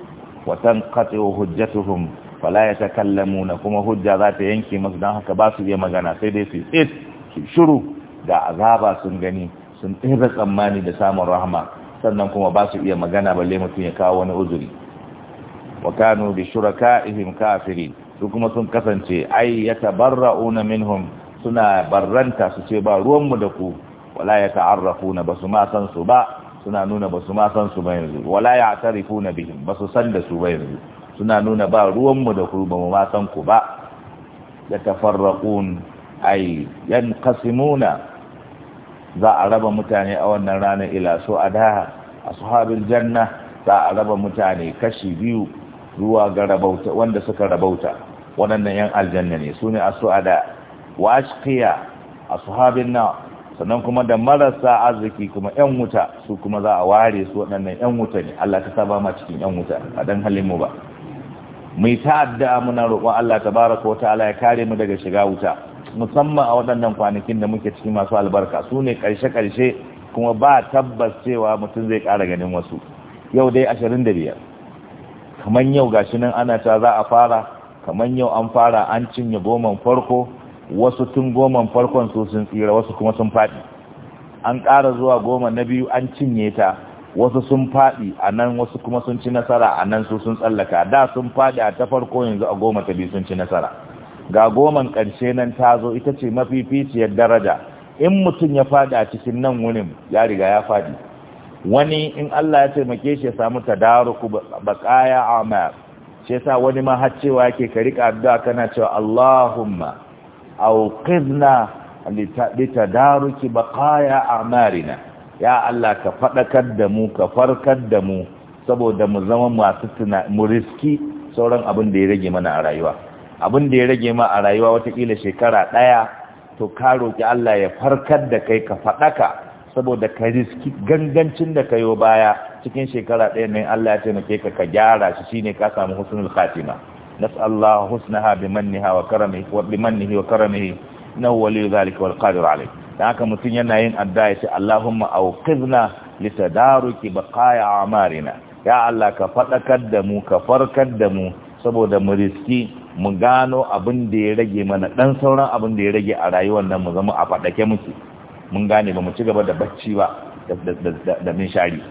Speaker 1: watan katsewa hujjatuhum fala ya na kuma hujja za ta yanke masu don haka ba su iya magana sai dai su yi su shiru da azaba sun gani sun ɗebe tsammani da samun rahama sannan kuma ba su iya magana balle mutum ya kawo wani uzuri wa kanu bi shuraka'ihim kafirin su kuma sun kasance ai ya tabarra'una minhum suna barranta su ce ba ruwanmu da ku wala ya ta'arrafuna ba su ma san su ba suna nuna ba su ma san su ba yanzu wala ya tarifuna bihim ba su san da su ba yanzu suna nuna ba ruwanmu da ku ba mu ma san ku ba ya tafarraqun ai yanqasimuna za a raba mutane a wannan ranar ila su adaha ashabul janna za a raba mutane kashi biyu zuwa ga rabauta wanda suka rabauta waɗannan yan aljanna ne su ne asu'ada a su Habin na sannan kuma da marasa arziki kuma yan wuta su kuma za a ware su waɗannan yan wuta ne Allah ta saba ma cikin yan wuta a dan halin mu ba mai ta'adda muna roƙon Allah ta bara ko ta'ala ya kare mu daga shiga wuta musamman a waɗannan kwanakin da muke cikin masu albarka su ne ƙarshe-ƙarshe kuma ba tabbas cewa mutum zai ƙara ganin wasu yau dai ashirin da biyar kamar yau gashi nan ana ta za a fara kamar yau an fara an cinye goman farko wasu tun goman farkon su sun tsira wasu kuma sun faɗi an ƙara zuwa goma na biyu an cinye ta wasu sun faɗi a nan wasu kuma sun ci nasara a nan su sun tsallaka da sun faɗi a ta farko yanzu a goma ta biyu sun ci nasara ga goman ƙarshe nan ta zo ita ce mafificiyar daraja in mutum ya faɗi a cikin nan wurin ya riga ya faɗi wani in Allah ya taimake shi ya samu tadaruku baƙaya amal shi yasa wani ma har cewa yake ka rika addu'a kana cewa Allahumma auqidna daruki baqaya a'marina ya Allah ka fadakar da mu ka farkar da mu saboda mu zama masu tuna mu riski sauran abin da ya rage mana a rayuwa abin da ya rage ma a rayuwa watakila shekara daya to ka roki Allah ya farkar da kai ka fadaka saboda ka riski gangancin da kayo baya cikin shekara ɗaya ne Allah ya taimake ka ka gyara shi shine ka samu husnul khatima nas'allahu husnaha bi manniha wa karamihi wa bi manniha wa karamihi huwa li dhalika wal qadir alayh dan haka mutun yana yin addu'a ya ce Allahumma awqizna li tadaruki baqaya amarina ya Allah ka fadakar da mu ka farkar da mu saboda mu riski mu gano abin da ya rage mana dan sauran abin da ya rage a rayuwar nan mu zama a fadake muke mun gane ba mu ci gaba da bacci ba da min shari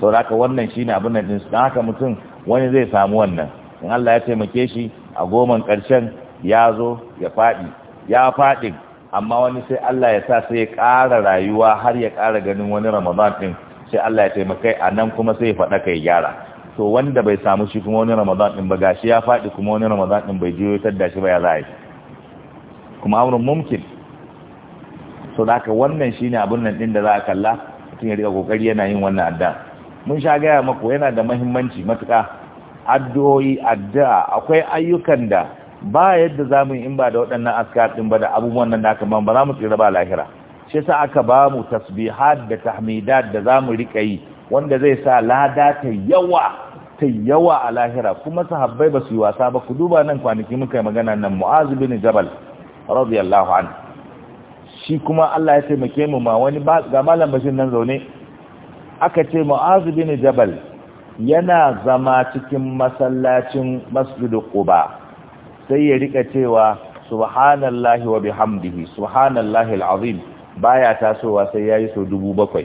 Speaker 1: sau da wannan shine abin da su, don haka mutum wani zai samu wannan in Allah ya taimake shi a goman ƙarshen ya zo ya faɗi ya faɗi amma wani sai Allah ya sa sai ya ƙara rayuwa har ya ƙara ganin wani ramadan ɗin sai Allah ya taimaka a nan kuma sai ya faɗa kai gyara to wanda bai samu shi kuma wani ramadan ɗin ba gashi ya faɗi kuma wani ramadan ɗin bai jiyo ya shi ba ya za kuma amurin mumkin so da haka wannan shine abin nan ɗin da za a kalla mutum ya riƙa ƙoƙari yana yin wannan addan mun sha gaya maku yana da mahimmanci matuka? addu'o'i addu'a akwai ayyukan da ba yadda za mu in ba da waɗannan askar ɗin ba da abubuwan nan da aka ba za mu tsira ba lahira shi sa aka ba mu tasbihat da tahmidat da za mu riƙa yi wanda zai sa lada ta yawa ta yawa a lahira kuma sahabbai ba su yi wasa ba ku duba nan kwanaki muka yi magana nan mu'azu bin jabal radiyallahu an shi kuma Allah ya taimake mu ma wani ba ga malam bashin nan zaune aka ce mu'azu bin jabal yana zama cikin masallacin masjidu quba sai ya rika cewa subhanallahi wa bihamdihi subhanallahi alazim baya tasowa sai yayi so 7000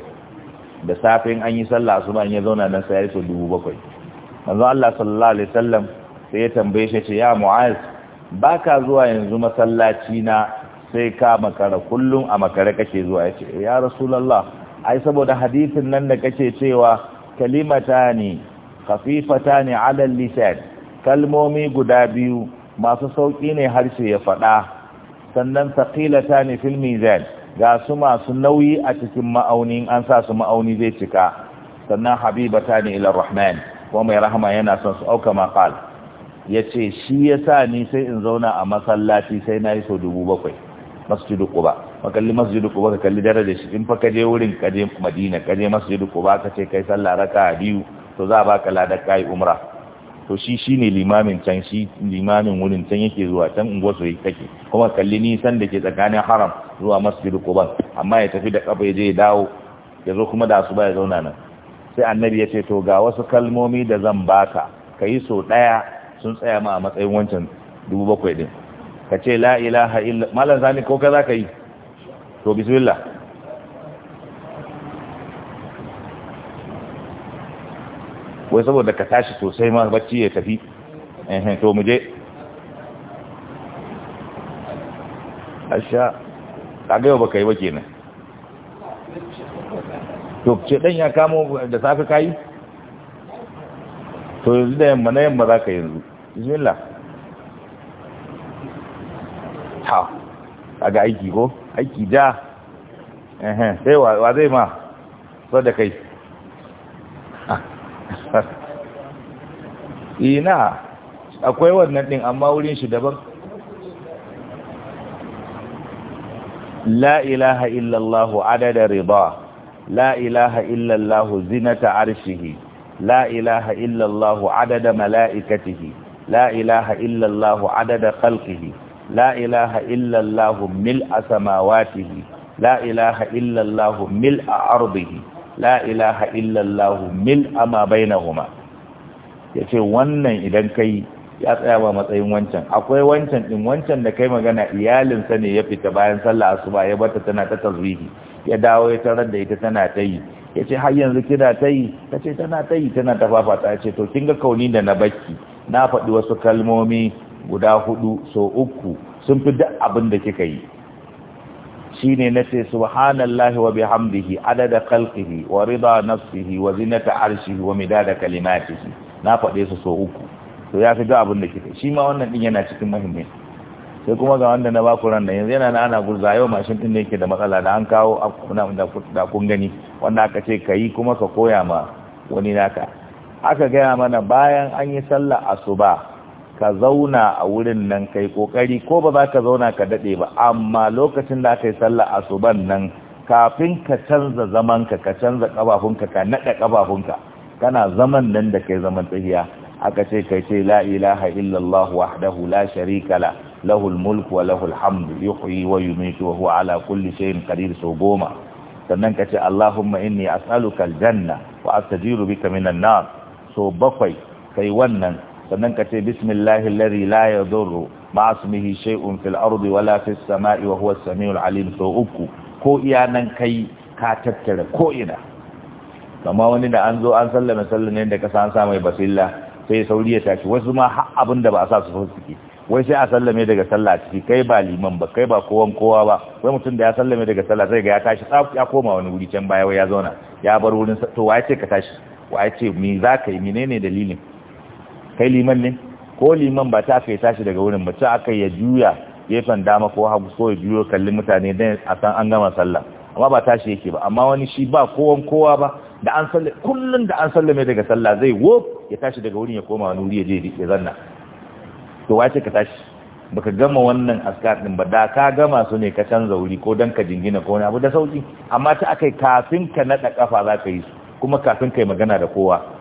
Speaker 1: da safin an yi sallah asuba an ya zauna nan sai yayi so 7000 manzo Allah sallallahu alaihi wasallam sai ya tambaye shi ce ya mu'az baka zuwa yanzu masallaci na sai ka makara kullum a makare kake zuwa yace ya rasulullah ai saboda hadisin nan da kake cewa kalimatani khafifatani ala lisan kalmomi guda biyu masu sauki ne harshe ya faɗa sannan thaqilatani fil mizan ga su masu nauyi a cikin ma'auni an sa su ma'auni zai cika sannan habibatani ila rahman kuma mai rahama yana son su auka maqal yace shi yasa ni sai in zauna a masallaci sai nayi so dubu bakwai masjidu quba fa kalli masjidu quba ka kalli daraja shi in fa ka je wurin kaje madina kaje masjidu quba ka ce kai sallah raka biyu to za a baka lada kai umra to shi shine limamin can shi limamin wurin can yake zuwa can unguwar su kake kuma kalli nisan da ke tsakanin haram zuwa masjidu quba amma ya tafi da kafa ya je ya dawo ya zo kuma da su ba ya zauna nan sai annabi ya ce to ga wasu kalmomi da zan baka ka yi so ɗaya sun tsaya ma a matsayin wancan dubu bakwai ɗin ka ce la ilaha illa malam zani ko ka za ka yi to bismillah wai saboda ka tashi sosai ma bacci ya tafi ehem to mu je asha kaga yau baka yi ba kenan to ce dan ya kamo da safi kai to yanzu da yamma na yamma za ka yanzu bismillah ha ga aiki ko aiki ja sai wa zai ma so da kai ina akwai wannan din amma wurin shi daban la ilaha illallahu adada riba la ilaha illallahu zinata arshihi la ilaha illallahu adada mala'ikatihi la ilaha illallahu adada khalqihi la ilaha illallah mil a samawatihi la ilaha illallah mil a ardihi la'ilaha ilaha illallah mil a ma ya ce wannan idan kai ya tsaya ba matsayin wancan akwai wancan din wancan da kai magana iyalinsa ne ya fita bayan sallah asuba ya bata tana ta tazwihi ya dawo ya tarar da ita tana ta yi ya ce har yanzu kina ta yi tana ta yi tana ta fafata ya ce to kin ga kauni da na bakki na faɗi wasu kalmomi guda hudu so uku sun fi duk abin da kika yi shine ce subhanallahi wa bihamdihi adada khalqihi wa rida nafsihi wa zinata arshihi wa midada kalimatihi na faɗe su so uku to ya fi duk abin da kika yi shi ma wannan din yana cikin muhimmin sai kuma ga wanda na baku ran yanzu yana ana gurza yau mashin din ne yake da matsala da an kawo da kun gani wanda aka ce kayi kuma ka koya ma wani naka aka gaya mana bayan an yi sallah asuba ka zauna a wurin nan kai kokari ko ba za ka zauna ka daɗe ba amma lokacin da aka yi sallah asuban nan kafin ka canza zamanka ka canza kafafunka ka naɗa kafafunka kana zaman nan da kai zaman tsahiya aka ce kai ce la ilaha illallahu wahdahu la sharika la lahul mulk wa lahul hamd yuhyi wa yumiitu wa huwa ala kulli shay'in qadir so goma sannan ka ce allahumma inni as'aluka janna wa astajiru bika minan nar so bakwai kai wannan sannan ka ce bismillahi alladhi la yadurru ma ismihi shay'un fil ardi wala fis sama'i wa huwa as-sami'ul alim so uku ko iya nan kai ka tattara ko ina amma wani da an zo an sallame sallame da kasa san sa mai basilla sai sauri ya tashi wasu ma har abin da ba a sa su suke wai sai a sallame daga sallah ciki kai ba liman ba kai ba kowan kowa ba wai mutum da ya sallame daga sallah sai ga ya tashi tsaf ya koma wani wuri can baya wai ya zauna ya bar wurin to wai ce ka tashi wai ce me za ka yi menene dalilin kai liman ne ko liman ba ta aka tashi daga wurin ba ta aka ya juya gefen dama ko hagu ko ya juyo kallin mutane dan a san an gama sallah amma ba tashi yake ba amma wani shi ba kowan kowa ba da an sallah kullun da an sallame daga sallah zai wo ya tashi daga wurin ya koma wani wuri ya je ya zanna to wace ka tashi baka gama wannan askar din ba da ka gama su ne ka canza wuri ko dan ka jingina ko wani abu da sauki amma ta akai kafin ka nada kafa za ka yi su kuma kafin kai magana da kowa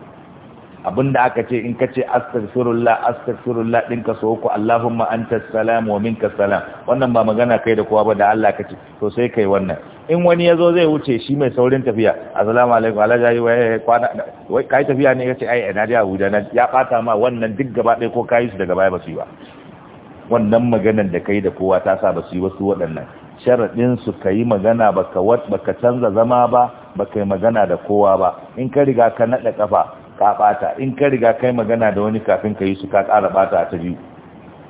Speaker 1: Abin da aka ce in kace astaghfirullah astaghfirullah dinka so ku Allahumma anta salam wa minka salam wannan ba magana kai da kowa ba da Allah kace to sai kai wannan in wani yazo zai wuce shi mai saurin tafiya assalamu alaikum alaja wai eh, eh, kwana wai kai tafiya ne kace ai ina da Abuja na ya fata ma wannan duk gaba ɗaya ko kai su daga baya ba su yi ba wannan maganar da kai da kowa ta sa ba su yi wasu waɗannan sharaɗin su kai magana baka wat canza zama ba baka yi magana da kowa ba in ka riga ka naɗa kafa ka bata in ka riga kai magana da wani kafin ka yi su ka tsara bata ta biyu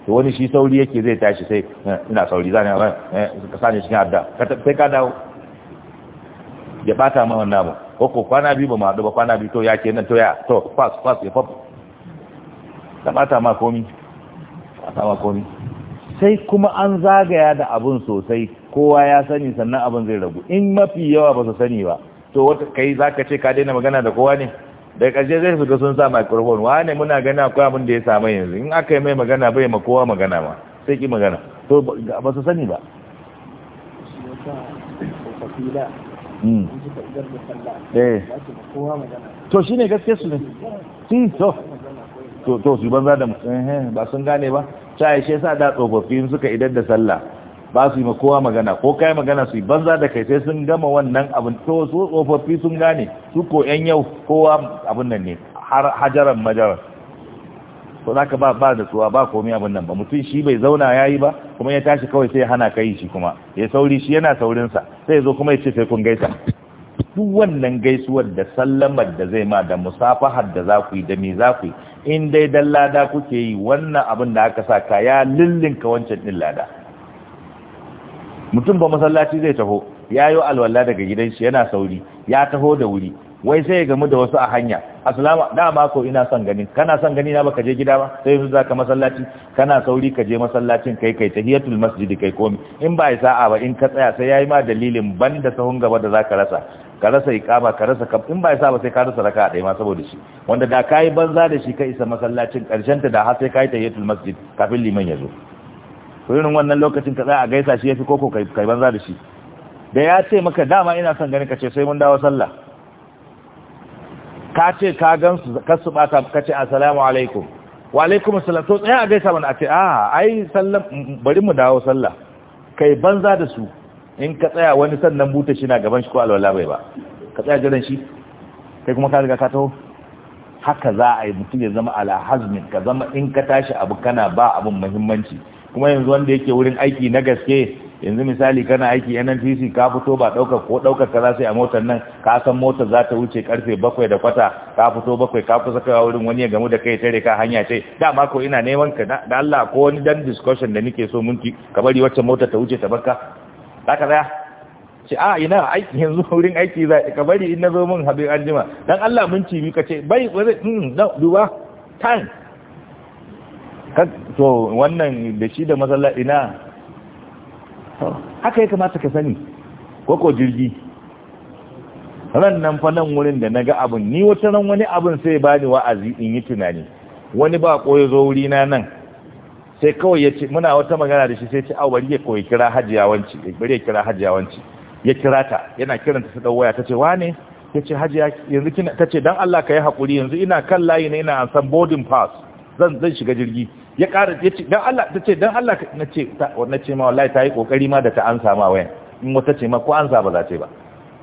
Speaker 1: to wani shi sauri yake zai tashi sai eh, ina sauri za ne eh, ka sani cikin adda sai ka dawo ya bata ma wannan abu ko kwana biyu ba ma ba kwana biyu to ya ke nan to ya to fast fast ya fafa ta bata ma komi bata ma komi sai kuma an zagaya da abun sosai kowa ya sani sannan abun zai ragu in mafi yawa ba su sani ba to wata kai zaka ce ka daina magana da kowa ne da ƙarshe zai fito sun sa microphone wane muna gani akwai abin da ya samu yanzu in aka yi mai magana bai ma kowa magana ma sai ki magana to ba su sani ba hmm. eh. to shi ne gaske su ne hmm, to to su banza da ba sun gane ba ta yi sa da tsofaffi suka idar da sallah ba su yi ma kowa magana ko kai magana su yi banza da kai sai sun gama wannan abin su tsofaffi sun gane su ko yan yau kowa abin nan ne har hajaran majaran to zaka ba ba da tsuwa ba komai abin nan ba mutum shi bai zauna yayi ba kuma ya tashi kawai sai hana kai shi kuma ya sauri shi yana saurin sa sai ya zo kuma ya ce sai kun gaisa duk wannan gaisuwar da sallamar da zai ma da musafahar da za ku yi da me za ku yi in dai dan lada kuke yi wannan abin da aka saka ya lullinka wancan din lada mutum ba masallaci zai taho ya yi alwala daga gidan shi yana sauri ya taho da wuri wai sai ya gamu da wasu a hanya asalama da mako ina son ganin kana son gani na baka je gida ba sai yanzu zaka masallaci kana sauri ka je masallacin kai kai tahiyatul masjid kai komi in ba sa'a ba in ka tsaya sai yayi ma dalilin banda sahun gaba da zaka rasa ka rasa iqama ka rasa kam in ba sa'a ba sai ka rasa raka'a dai ma saboda shi wanda da kai banza da shi ka isa masallacin karshen ta da har sai kai tahiyatul masjid kafin liman ya zo to irin wannan lokacin ka za a gaisa shi yafi koko kai banza da shi da ya ce maka dama ina son ganin ka ce sai mun dawo sallah ka ce ka gansu ka su bata ka ce assalamu alaikum wa alaikum assalam to tsaya a gaisa mana a ce a ah, ai sallah bari mu dawo sallah kai banza da su in ka tsaya wani sannan buta shi na gaban shi ko alwala bai ba ka tsaya jiran shi kai kuma ka riga ka taho haka za a yi mutum ya zama ala hazmin ka zama in ka tashi abu kana ba abun muhimmanci kuma yanzu wanda yake wurin aiki na gaske yanzu misali kana aiki NNPC ka fito ba ɗaukar ko ɗaukar ka za su a motar nan ka san motar za ta wuce karfe bakwai da kwata ka fito bakwai ka kusa kaiwa wurin wani ya gamu da kai tare ka hanya ce ma ko ina neman ka da Allah ko wani dan discussion da nake so minti ka bari wacce motar ta wuce ta barka za ka tsaya ce a ah, ina aiki yanzu wurin aiki za ka bari in nazo zo min habib anjima dan Allah minti biyu ka ce bai hmm, duba time to wannan da shi da matsala ina haka ya kamata ka sani koko jirgi ran nan fa nan wurin da naga abin ni wata ran wani abin sai bani wa'azi in yi tunani wani ba koyo zo wuri na nan sai kawai ya ce muna wata magana da shi sai ce au bari ya koyi kira hajiya wanci bari ya kira hajiya wanci ya kira ta yana kiranta su dan waya tace wane yace hajiya yanzu kina tace dan Allah ka yi hakuri yanzu ina kan layi ne ina san boarding pass zan zan shiga jirgi ya ƙara ya ce don Allah ta ce don Allah na ce na ce ma wallahi ta yi kokari ma da ta ansa ma wayan in wata ce ma ko ansa ba za ce ba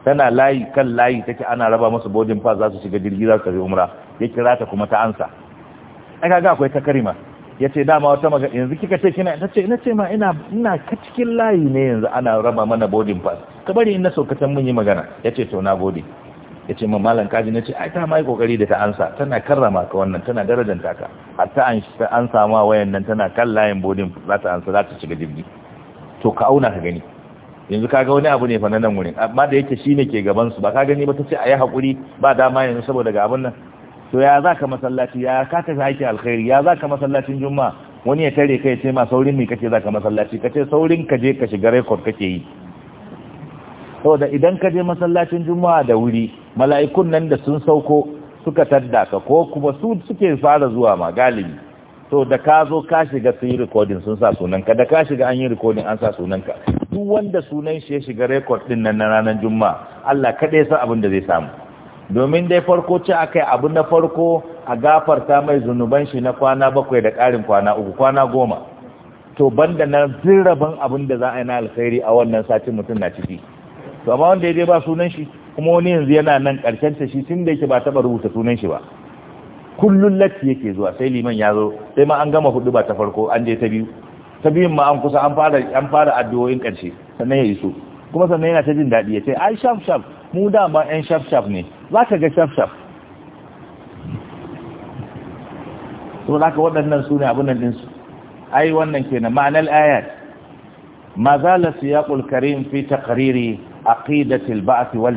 Speaker 1: tana layi kan layi take ana raba musu boarding pass za su shiga jirgi za su tafi umra ya kira ta kuma ta ansa ai kaga akwai ta karima yace dama wata maga yanzu kika ce kina ce ina ce ma ina ina ka cikin layi ne yanzu ana raba mana boarding pass ka bari in na so ka san mun yi magana yace to na gode ya ce ma malam kaji na ce ai ta mai kokari da ta ansa tana karrama ka wannan tana darajanta ka hatta an ta ansa ma wayan nan tana kan layin bodin za ta ansa za ta shiga jirgi to ka auna ka gani yanzu kaga wani abu ne fa nan wurin amma da yake shine ke gaban su ba ka gani ba ta ce ayi hakuri ba dama yanzu saboda ga abun nan to ya zaka masallaci ya ka tafi aiki alkhairi ya zaka masallacin juma'a wani ya tare kai ce ma saurin me kake zaka masallaci kace saurin ka je ka shiga record kake yi saboda idan ka je masallacin juma'a da wuri mala'ikun nan da sun sauko suka tadda ka ko kuma su suke fara zuwa ma galibi to da ka zo ka shiga su yi rikodin sun sa sunanka da ka shiga an yi rikodin an sa sunanka duk wanda sunan shi ya shiga record din nan na ranar juma'a Allah kaɗai san abin da zai samu domin dai farko ce akai abu na farko a gafarta mai zunuban shi na kwana bakwai da ƙarin kwana uku kwana goma to banda na zirraban abin da za a yi na alkhairi a wannan satin mutum na ciki to amma wanda ya je ba sunan shi kuma wani yanzu yana nan karshen ta shi tun da yake ba taɓa rubuta sunan shi ba kullun latti yake zuwa sai liman ya zo sai ma an gama hudu ba ta farko an je ta biyu ta biyun ma an kusa an fara an fara addu'o'in karshe sannan ya iso kuma sannan yana ta jin daɗi ya ce ai shaf shaf mu da ma ɗan shaf shaf ne za ka ga shaf shaf to za ka waɗannan su ne abin nan ɗinsu ai wannan kenan ma'anar ayat ma zala siyaqul karim fi taqriri aqidatil ba'th wal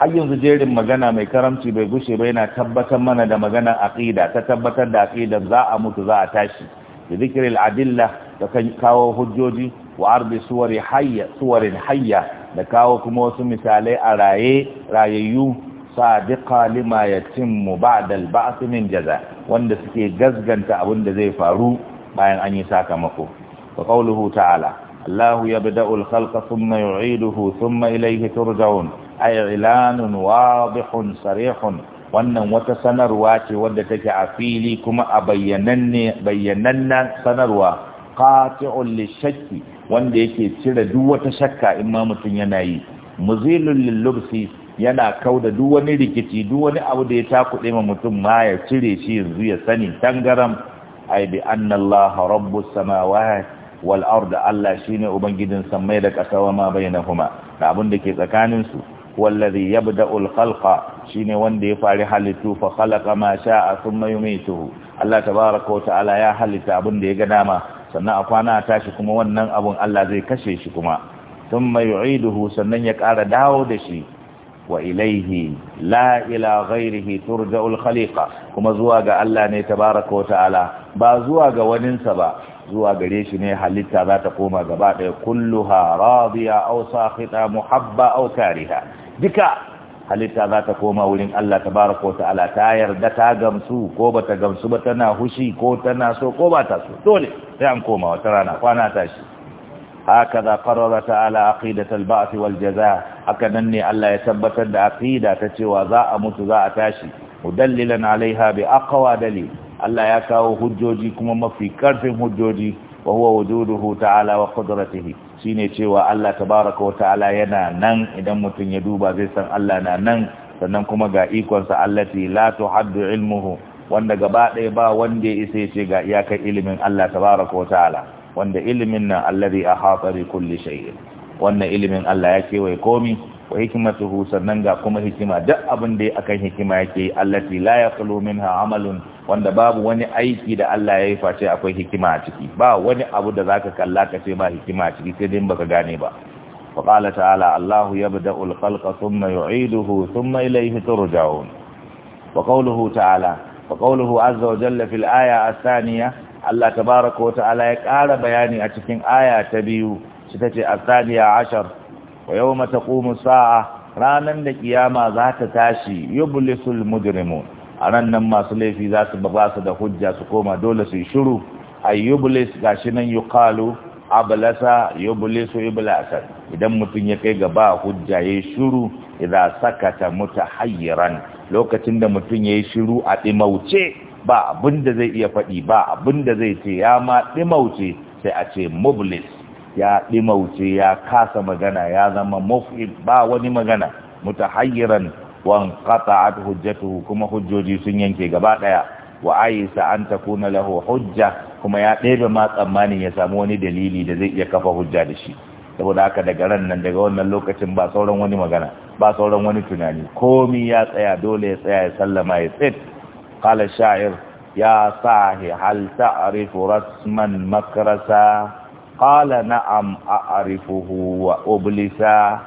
Speaker 1: har yanzu jerin magana mai karamci bai gushe ba yana tabbatar mana da magana aqida ta tabbatar da aqidar za a mutu za a tashi da zikril adilla da kan kawo hujjoji wa arbi suwari hayya suwarin hayya da kawo kuma wasu misalai a raye rayayyu sadiqa lima yatimmu ba'da al-ba'th min jaza wanda suke gazganta abin da zai faru bayan an yi sakamako wa qawluhu ta'ala الله يبدأ الخلق ثم يعيده ثم إليه ترجعون أي إعلان واضح صريح wannan wata sanarwa ce wadda take a fili kuma a bayyananne sanarwa qati'un lishakki wanda yake cire duk wata shakka in ma mutum yana yi muzilul lilubsi yana kauda duk wani rikici duk wani abu da ya takude ma mutum ma ya cire shi yanzu ya sani tangaram ay bi anna rabbus samawati wal da Allah shine ubangijin sammai da ƙasa wa ma kuma. da abin da ke tsakanin su wallazi yabda'ul khalqa shine wanda ya fari halittu fa khalaqa ma sha'a mai yumituhu Allah tabaaraka wa ta'ala ya halitta abin da ya ga dama sannan a kwana a tashi kuma wannan abun Allah zai kashe shi kuma thumma duhu sannan ya ƙara dawo da shi wa ilaihi la ila ghairihi turja'ul khaliqa kuma zuwa ga Allah ne tabaaraka wa ta'ala ba zuwa ga waninsa ba zuwa gare shi ne halitta za ta koma gaba ɗaya kulluha radiya aw sakhita muhabba au kariha duka halitta za ta koma wurin Allah tabaraka ta'ala ta yarda ta gamsu ko bata gamsu ba tana hushi ko tana so ko bata so dole sai an koma wata rana kwana tashi hakaza qarara ta'ala aqidat al-ba'th wal jazaa haka nan ne Allah ya tabbatar da aqida ta cewa za a mutu za a tashi mudallilan alaiha bi aqwa dalil Allah ya kawo hujjoji kuma mafi karfin hujjoji wa huwa wujuduhu ta'ala wa qudratihi shine cewa Allah tabaaraka wa ta'ala yana nan idan mutum ya duba zai san Allah na nan sannan kuma ga ikon sa allati la tuhaddu ilmuhu wanda gaba ɗaya ba wanda ya isa ya ce ga iyakar ilimin Allah tabaaraka wa ta'ala wanda ilimin nan allazi ahata bi kulli shay'in wannan ilimin Allah ya wai komi wa hikimatuhu sannan ga kuma hikima duk abin da akan hikima yake allati la yaqulu minha amalun wanda babu wani aiki da Allah ya yi face akwai hikima a ciki ba wani abu da zaka kalla ka ce ba hikima a ciki sai dai baka gane ba wa qala ta'ala Allahu yabda'u al-khalqa thumma yu'iduhu thumma ilayhi turja'un wa qawluhu ta'ala wa qawluhu azza wa jalla fil aya asaniya. Allah tabaaraka wa ta'ala ya ƙara bayani a cikin aya ta biyu shi tace ath-thaniya wa yawma taqumu sa'a ranan da kiyama za ta tashi yublisul mujrimu a nan masu laifi za su ba su da hujja su koma dole su shiru ayyublis gashi nan yuqalu ablasa yublisu iblasa idan mutum ya kai gaba hujja yayi shiru idza sakata mutahayyiran lokacin da mutum yayi shiru a dimauce ba abinda zai iya faɗi ba abinda zai ce ya ma dimauce sai a ce mublis ya ɗimauce ya kasa magana ya zama muf'id ba wani magana mutahayyiran wan qata'at hujjatuhu kuma hujjoji sun yanke gaba daya wa aisa an takuna lahu hujja kuma ya ɗebe ma tsammanin ya samu wani dalili da zai iya kafa hujja da shi saboda haka daga ran nan daga wannan lokacin ba sauran wani magana ba sauran wani tunani komi ya tsaya dole ya tsaya ya sallama ya tsit qala sha'ir ya sahi hal ta'rifu rasman makrasa qala na'am a'rifuhu wa ublisa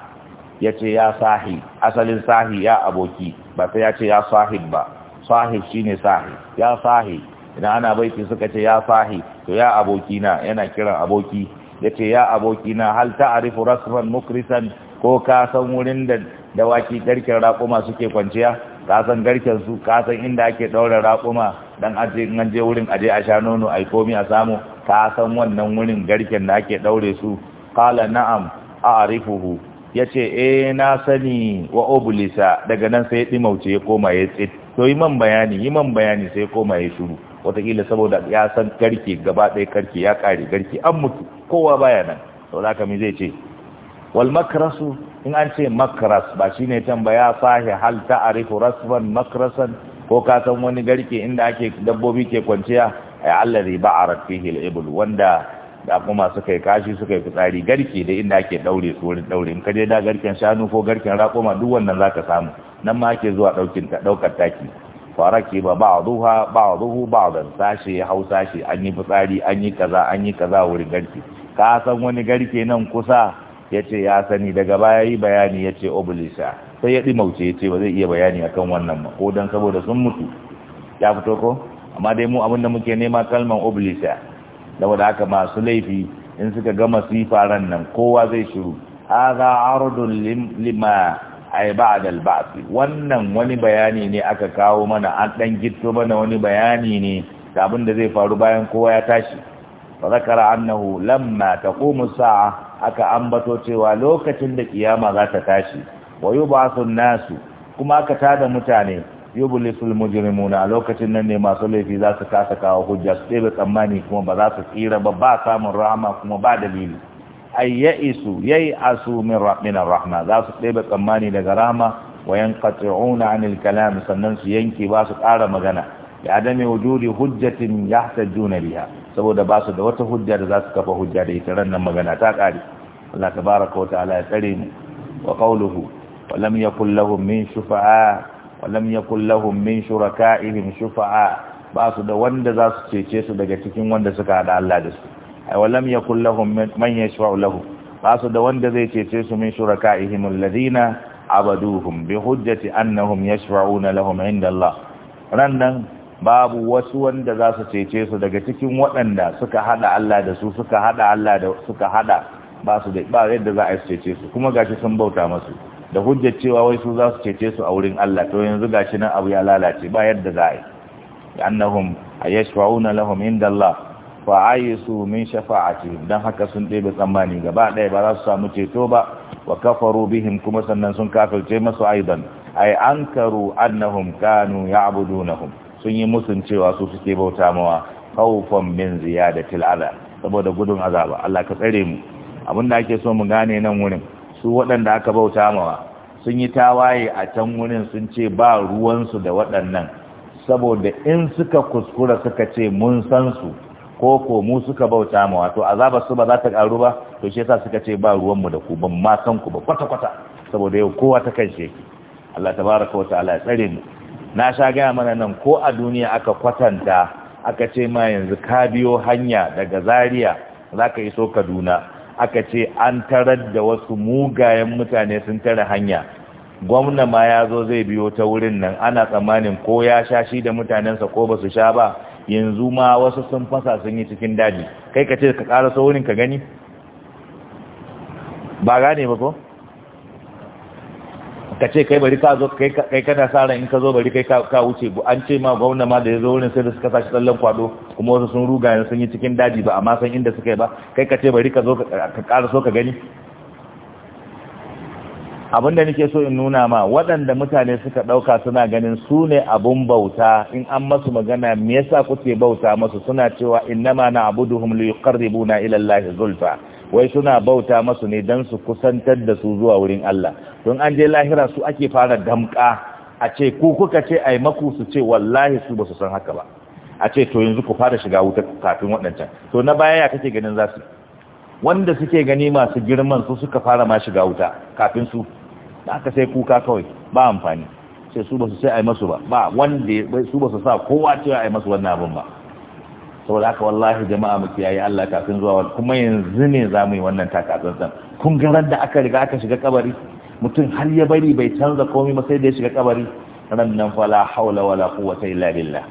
Speaker 1: yace ya sahi asalin sahi ya aboki ba sai yace ya sahib ba sahib shine sahi ya sahi idan ana baiti suka ce ya sahi to ya aboki na yana kiran aboki yace ya aboki na hal ta'rifu rasman mukrisan ko ka san wurin da dawaki garken raƙuma suke kwanciya ka san garken su ka san inda ake daura raƙuma dan aje wurin aje a sha nono ai komi a samu ka san wannan wurin garken da ake daure su qala na'am a'rifuhu yace e na sani wa Obulisa. daga nan sai mauce ya koma ya tsit to yi man bayani yi man bayani sai koma ya shiru watakila saboda ya san garke gaba ɗaya karke ya ƙare garke an mutu kowa baya nan sau da kami zai ce wal makarasu in an ce makaras ba shi ne tambaya sahi hal ta arifu rasman makarasan ko ka san wani garke inda ake dabbobi ke kwanciya ay allazi ba'arat fihi al-ibl wanda da kuma suka yi kashi suka yi fitsari garke da inda ake daure su wurin daure in ka je da garken shanu ko garken raƙuma duk wannan zaka samu nan ma ake zuwa daukin ta daukar taki faraki ba ba'duha ba'duhu ba'dan sashi ya hausa shi an yi fitsari an yi kaza an yi kaza wurin garke ka san wani garke nan kusa yace ya sani daga baya yi bayani yace obulisa sai ya dimauce yace ba zai iya bayani akan wannan ba ko dan saboda sun mutu ya fito ko amma dai mu abin da muke nema kalman oblisa saboda haka masu laifi in suka ga masifa nan kowa zai shiru hadha ardun lima ay ba'd al-ba'th wannan wani bayani ne aka kawo mana an dan gitto mana wani bayani ne da abin da zai faru bayan kowa ya tashi fa zakara annahu lamma taqumu sa'a aka ambato cewa lokacin da kiyama za ta tashi wa yub'athu nasu kuma aka tada mutane yublisul mujrimuna a lokacin nan ne masu laifi za su kasa kawo hujja su ɗebe tsammani kuma ba za su tsira ba ba samun rahama kuma ba dalili ay ya'isu asu min rahminar rahma za su ɗebe tsammani daga rahama wa yanqati'una anil kalam sannan su yanki ba su ƙara magana ya adami wujudi hujjatin yahtajuna biha saboda ba su da wata hujja da za su kafa hujja da ita ran magana ta ƙare Allah tabaraka wa ta'ala ya tsare mu wa qawluhu wa lam yakul lahum min shufa'a walam yakul lahum min shuraka'ihim shufa'a ba su da wanda za su cece su daga cikin wanda suka hada Allah da su ai walam yakul lahum man yashfa'u lahu ba su da wanda zai cece su min shuraka'ihim alladhina abaduhum bi hujjati annahum yashfa'una lahum inda Allah rannan babu wasu wanda za su cece su daga cikin waɗanda suka hada Allah da su suka hada Allah da suka hada ba su da ba yadda za a cece su kuma gashi sun bauta masu da hujjar cewa wai su za su cece su a wurin Allah to yanzu gashi nan abu ya lalace ba yadda za a yi annahum ayashfa'una lahum inda Allah fa ayisu min shafa'ati dan haka sun ɗebe tsammani gaba ɗaya ba za su samu ceto ba wa kafaru bihim kuma sannan sun kafirce masu aidan ay ankaru annahum kanu ya'budunahum sun yi musun cewa su suke bauta mawa khawfan min ziyadatil adab saboda gudun azaba Allah ka tsare mu abinda ake so mu gane nan wurin su waɗanda aka bauta mawa sun yi tawaye a can wurin sun ce ba ruwansu da waɗannan saboda in suka kuskura suka ce mun san su ko ko mu suka bauta mawa to azaba su ba za ta karu ba to shi yasa suka ce ba ruwanmu da ku ban ma san ku ba kwata kwata saboda yau kowa ta kan sheki Allah tabaraka wa ta'ala ya tsare mu na sha gaya mana nan ko a duniya aka kwatanta aka ce ma yanzu ka biyo hanya daga Zaria zaka iso Kaduna aka ce an tarar da wasu mugayen mutane sun tara hanya gwamna ma ya zo zai biyo ta wurin nan ana tsammanin ko ya sha shi da mutanensa ko ba su sha ba yanzu ma wasu sun fasa sun yi cikin daji kai ka ce ka ƙara saurin ka gani ba gane ba ko? ka ce kai bari ka zo kai kana sa ran in ka zo bari kai ka wuce an ce ma gwamna ma da ya zo wurin sai da suka sashi tsallan kwado kuma wasu sun ruga ne sun yi cikin daji ba amma san inda suka yi ba kai ka ce bari ka zo ka ƙara so ka gani abin da nake so in nuna ma waɗanda mutane suka ɗauka suna ganin su ne abun bauta in an masu magana me yasa kuke bauta masu suna cewa innama na abuduhum liqarribuna ila allahi zulfa wai suna bauta masu ne don su kusantar da su zuwa wurin Allah don an je lahira su ake fara damka a ce ku kuka ce ai maku su ce wallahi su ba su san haka ba a ce to yanzu ku fara shiga wuta kafin waɗancan to na baya ya kake ganin za su wanda suke gani masu girman su suka fara ma shiga wuta kafin su da aka sai kuka kawai ba amfani sai su ba su sai ai masu ba ba wanda su ba su sa kowa cewa ai masu wannan abin ba saboda haka wallahi jama'a mu kiyaye Allah kafin zuwa wani kuma yanzu ne za mu yi wannan taka takatsantsan kun ga da aka riga aka shiga kabari mutum har ya bari bai canza komai ba sai da ya shiga kabari ran nan fa haula wala quwwata illa billah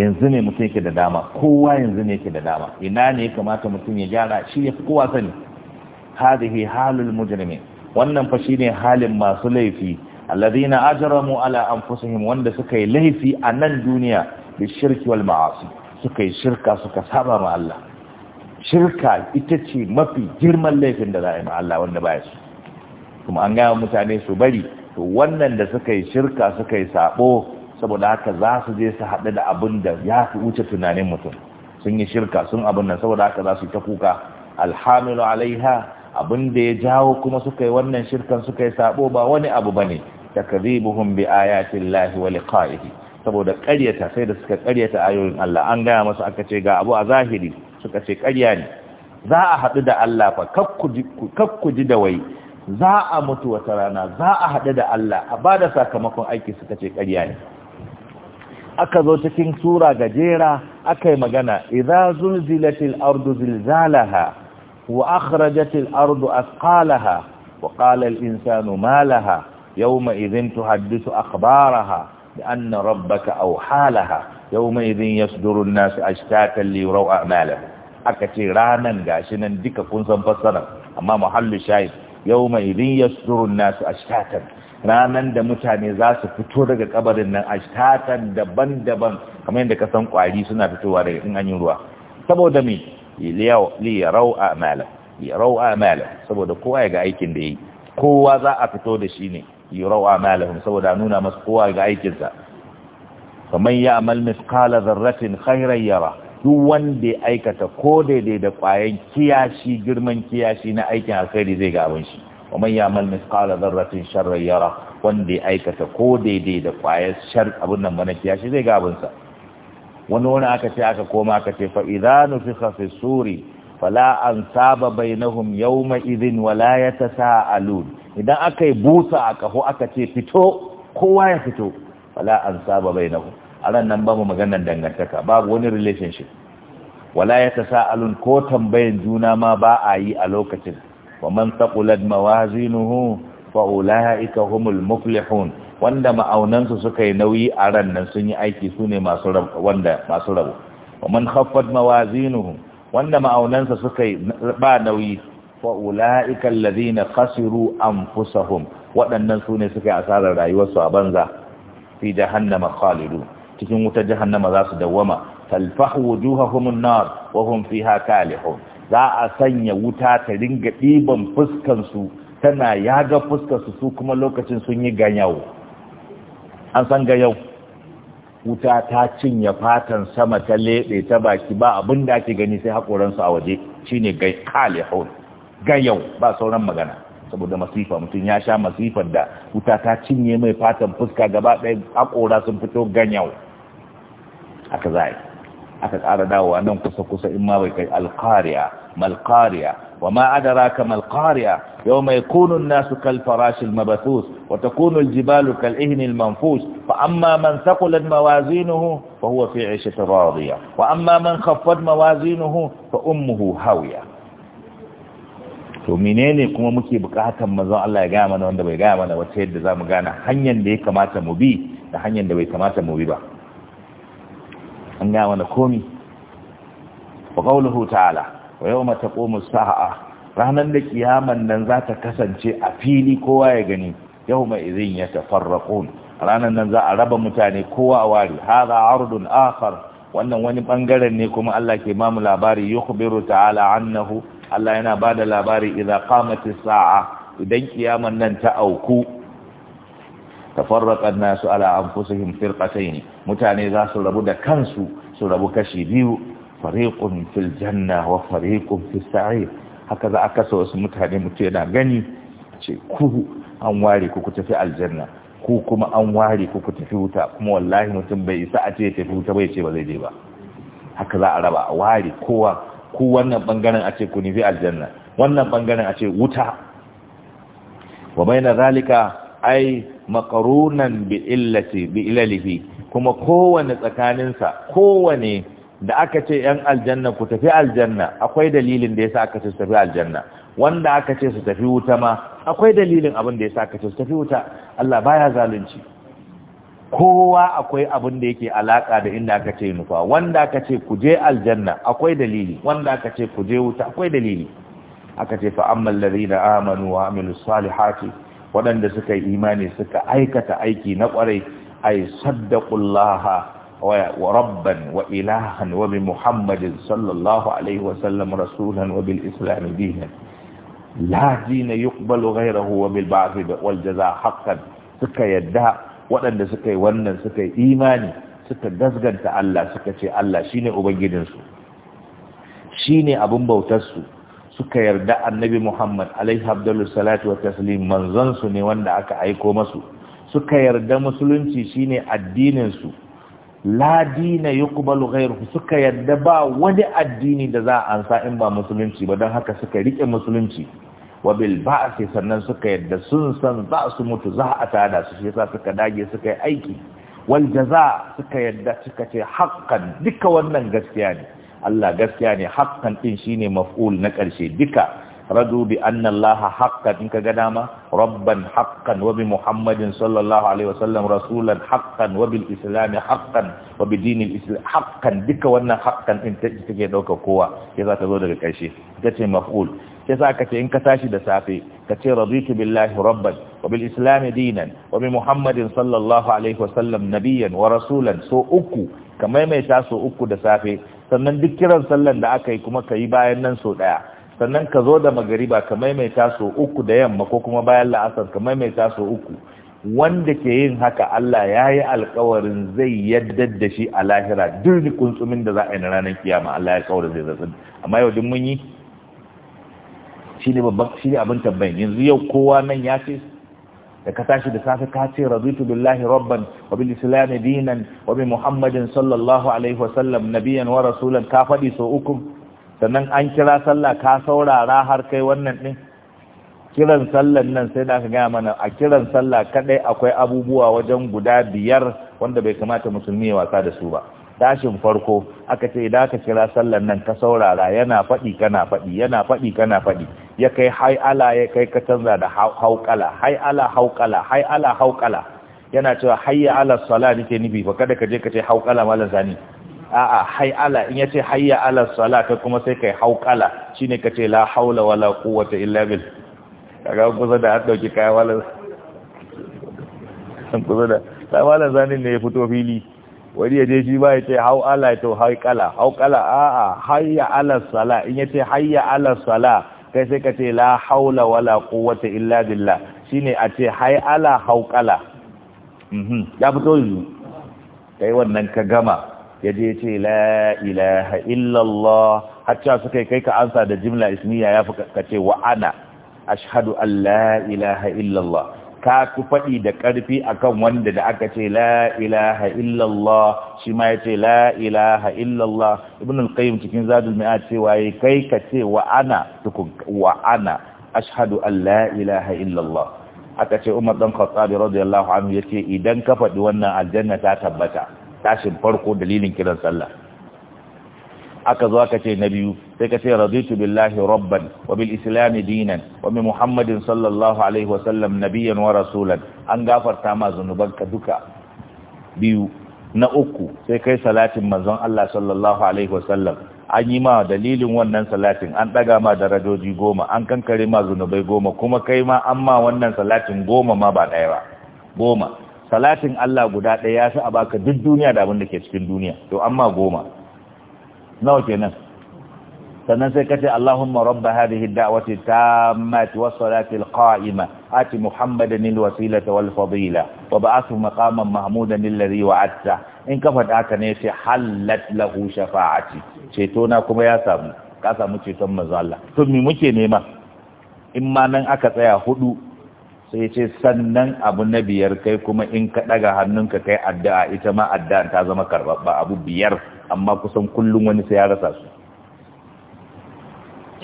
Speaker 1: yanzu ne mutum yake da dama kowa yanzu ne yake da dama ina ne ya kamata mutum ya gyara shi ya fi kowa sani hadhihi halul mujrimin wannan fa shine halin masu laifi alladhina ajramu ala anfusihim wanda suka yi laifi a nan duniya bi shirki wal ma'asi suka yi shirka suka saba ma Allah shirka ita ce mafi girman laifin da za a yi ma Allah wanda baya su kuma an gaya mutane su bari to wannan da suka yi shirka suka yi sabo saboda haka za su je su haɗu da abin da ya fi wuce tunanin mutum sun yi shirka sun abin nan saboda haka za su yi ta kuka alhamilu alaiha abin da ya jawo kuma suka yi wannan shirkan suka yi sabo ba wani abu bane takzibuhum bi ayati llahi wa liqa'ihi saboda ƙaryata sai da suka ƙaryata ayoyin Allah an gaya masu aka ce ga abu a zahiri suka ce ƙarya ne za a haɗu da Allah fa kakku ji da wai za a mutu wata rana za a haɗu da Allah a ba da sakamakon aiki suka ce ƙarya ne aka zo cikin sura gajera aka yi magana idza zulzilatil ardu zilzalaha wa akhrajatil ardu asqalaha wa qala al insanu ma laha yawma idhin tuhaddisu akhbaraha لأن ربك أوحى لها يومئذ يصدر الناس أشتاتا ليروا Aka ce ranan gashi nan duka kun san fassara amma muhallu Yau yawma idin yasdurun nas ashtatan ranan da mutane za su fito daga kabarin nan ashtatan daban-daban kamar yadda ka san kwari suna fitowa daga in an ruwa saboda me li yarau a'mala yarau a'mala saboda kowa ya ga aikin da yayi kowa za a fito da shi ne yurau amalahum saboda nuna masu kowa ga aikinsa kamar ya amal misqala zarratin khairan yara duk wanda ya aikata ko daidai da kwayan kiyashi girman kiyashi na aikin alkhairi zai ga abin shi kamar ya amal misqala zarratin sharran yara wanda ya aikata ko daidai da kwayan shar abin nan mana kiyashi zai ga abin sa wani wani aka ce aka koma aka ce fa za nufikha fi suri fala an saba bainahum yawma idhin wala yatasaalun idan akai busa a kaho aka ce fito kowa ya fito fala an saba bainahum aran nan babu maganar dangantaka babu wani relationship wala yatasaalun ko tambayan juna ma ba a yi a lokacin wa man taqulat mawazinuhu fa ulaika humul muflihun wanda ma'aunansu suka yi nauyi a ran nan sun yi aiki sune masu wanda masu rabo wa man khaffat mawazinuhu wanda ma'aunansa suka yi ba nauyi fa'ula'ika allazina khasiru anfusahum waɗannan su ne suka yi asarar rayuwarsu a banza fi jahannama khalidu cikin wuta jahannama za su dawwama talfahu wujuhahum an-nar wa hum fiha kalihun za a sanya wuta ta dinga ɗiban fuskan su tana yaga fuskar su su kuma lokacin sun yi ganyau an san ganyau wuta ta cinye fatan sama ta leɓe ta baki ba abin da ake gani sai haƙoransu a waje shi shine gai kalihun yau ba sauran magana saboda masifa mutum ya sha masifar da wuta ta cinye mai fatan fuska gaba ɗaya haƙora sun fito ganyau aka za aka ƙara dawowa nan kusa-kusa in ma bai kai alƙariya malƙariya وما أدراك ما القارئة يوم يكون الناس كالفراش المبثوث وتكون الجبال كالإهن المنفوش فأما من ثقلت موازينه فهو في عيشة راضية وأما من خفت موازينه فأمه هاوية to menene kuma muke bukatan manzon Allah ya gaya mana wanda bai gaya mana wata yadda zamu gane hanyar da ya kamata mu bi da hanyar da bai kamata mu bi ba an gaya mana komi wa qawluhu ta'ala wa yau mata ƙomu sa'a ranar da kiyaman nan za ta kasance a fili kowa ya gani yau mai izin ya tafarraƙun ranar nan za a raba mutane kowa a wari haza ardun akhar wannan wani ɓangaren ne kuma Allah ke mamu labari yukhbiru ta'ala annahu Allah yana bada labari idza qamatis sa'a idan ƙiyaman nan ta auku tafarraqa nasu ala anfusihim ne. mutane za su rabu da kansu su rabu kashi biyu fariqun fil janna wa fariqun fis sa'ir haka za a kasa wasu mutane mutu yana gani ku an ware ku ku tafi aljanna ku kuma an ware ku ku tafi wuta kuma wallahi mutum bai isa a ce tafi wuta bai ce ba zai je ba haka za a raba a ware kowa ku wannan bangaren a ce ku nufi aljanna wannan bangaren a ce wuta Wabaina zalika ai maqrunan bi illati bi kuma kowane tsakaninsa kowane da aka ce ‘yan aljanna ku tafi aljanna akwai dalilin da ya sa aka ce su tafi aljanna wanda aka ce su tafi wuta ma akwai dalilin abin da ya sa aka ce su tafi wuta Allah baya zalunci kowa akwai abin da yake alaka da inda aka ce nufa wanda aka ce ku je aljanna akwai dalili wanda aka ce ku je wuta akwai dalili aka ce fa amman ladina amanu wa amilus salihati waɗanda suka yi imani suka aikata aiki na ƙwarai ay saddaqullaha وربا وإلها وبمحمد صلى الله عليه وسلم رسولا وبالإسلام دينا لا دين يقبل غيره وبالبعث والجزاء حقا سكا يدها وأن سكا ونن سكا إيماني سكا دزغن تألا سكا تي ألا شيني أبنجدنسو شيني أبن بوتسو suka yarda annabi Muhammad alaihi abdullu salatu wa taslim manzansu ne wanda aka aiko masu suka yarda musulunci shine addininsu la dina yuqbalu ghayruhu suka yadda ba wani addini da za a ansa in ba musulunci ba don haka suka rike musulunci wabil ba'si sannan suka yadda sun san za su mutu za a tada su shi yasa suka dage suka yi aiki wal jaza suka yadda suka ce haqqan duka wannan gaskiya ne Allah gaskiya ne haqqan din shine maf'ul na karshe duka radu bi anna Allah haqqan in kaga dama rabban haqqan wa bi Muhammadin sallallahu alaihi wasallam rasulan haqqan wa bil islam haqqan wa bi dinil islam haqqan duka wannan haqqan din take dauka kowa ya za ta zo daga karshe tace maf'ul sai sa ka ce in ka tashi da safe ka ce raditu billahi rabban wa bil islam dinan wa bi Muhammadin sallallahu alaihi wasallam nabiyyan wa rasulan so uku ka maimaita so uku da safe sannan duk kiran sallan da aka yi kuma ka yi bayan nan so daya sannan ka zo da magariba ka maimaita sau uku da yamma ko kuma bayan la'asar ka maimaita sau uku wanda ke yin haka Allah ya yi alkawarin zai yadda da shi a lahira duk kuntsumin da za a yi na ranar kiyama Allah ya kawar zai zatsin amma yau din mun yi shi ne babban shi ne abin tambayin yanzu yau kowa nan ya ce da ka tashi da safe ka ce raditu billahi rabban wa bil islam dinan wa bi muhammadin sallallahu alaihi wa sallam nabiyan wa rasulan ka fadi so uku sannan an kira sallah ka saurara har kai wannan din kiran sallan nan sai da aka gaya mana a kiran sallah kadai akwai abubuwa wajen guda biyar wanda bai kamata musulmi ya wasa da su ba tashin farko aka ce idan aka kira sallan nan ka saurara yana faɗi kana faɗi yana faɗi kana faɗi ya kai hai ala ya kai ka canza da haukala hai ala hauƙala hai ala yana cewa hayya ala sala nake nufi ba kada ka je ka ce haukala malam zani. a'a ala in yace hayya ala salata kuma sai kai hauqala shine kace la haula wala quwwata illa billah kaga kusa da har dauki kai wala san kusa da sai wala zanin ne ya fito fili wani ya je shi ba ya ce hau ala to hauqala haukala a'a hayya ala sala in yace hayya ala sala kai sai kace la haula wala quwwata illa billah shine a ce ala haukala mhm ya fito yi kai wannan ka gama ya je ce la ilaha illallah hatta suka kai ka ansa da jimla ismiya ya ka ce wa ana ashhadu an la ilaha illallah ka ku faɗi da ƙarfi akan wanda da aka ce la ilaha illallah shi ma ya ce la ilaha illallah ibn al-qayyim cikin zadul mi'ad cewa yayi kai ka ce wa ana tukun wa ana ashhadu an la ilaha illallah aka ce umar dan khattab radiyallahu anhu yace idan ka faɗi wannan aljanna ta tabbata tashin farko dalilin kiran sallah aka zo aka ce na biyu sai ka ce raditu billahi rabban wa bil islam dinan wa bi muhammadin sallallahu alaihi wa sallam nabiyyan wa rasulan an gafarta ma zanubanka duka biyu na uku sai kai salatin manzon Allah sallallahu alaihi wa sallam an yi ma dalilin wannan salatin an daga ma darajoji goma an kankare ma zunubai goma kuma kai ma an ma wannan salatin goma ma ba daya ba goma salatin Allah guda ɗaya ya fi a baka duk duniya da abin da ke cikin duniya to amma goma nawa kenan sannan sai kace Allahumma rabb hadhihi dawati tammati was-salati al-qa'ima ati Muhammadan al-wasilata wal-fadila wa ba'athu maqaman mahmudan alladhi wa'adta in ka faɗa haka ne sai hallat lahu shafa'ati ceto na kuma ya samu ka samu ceton manzo Allah to me muke nema in ma nan aka tsaya hudu sai ce sannan abu na biyar kai kuma in ka ɗaga hannunka kai addu'a ita ma addu'a ta zama karɓaɓɓa abu biyar amma kusan kullum wani sai ya rasa su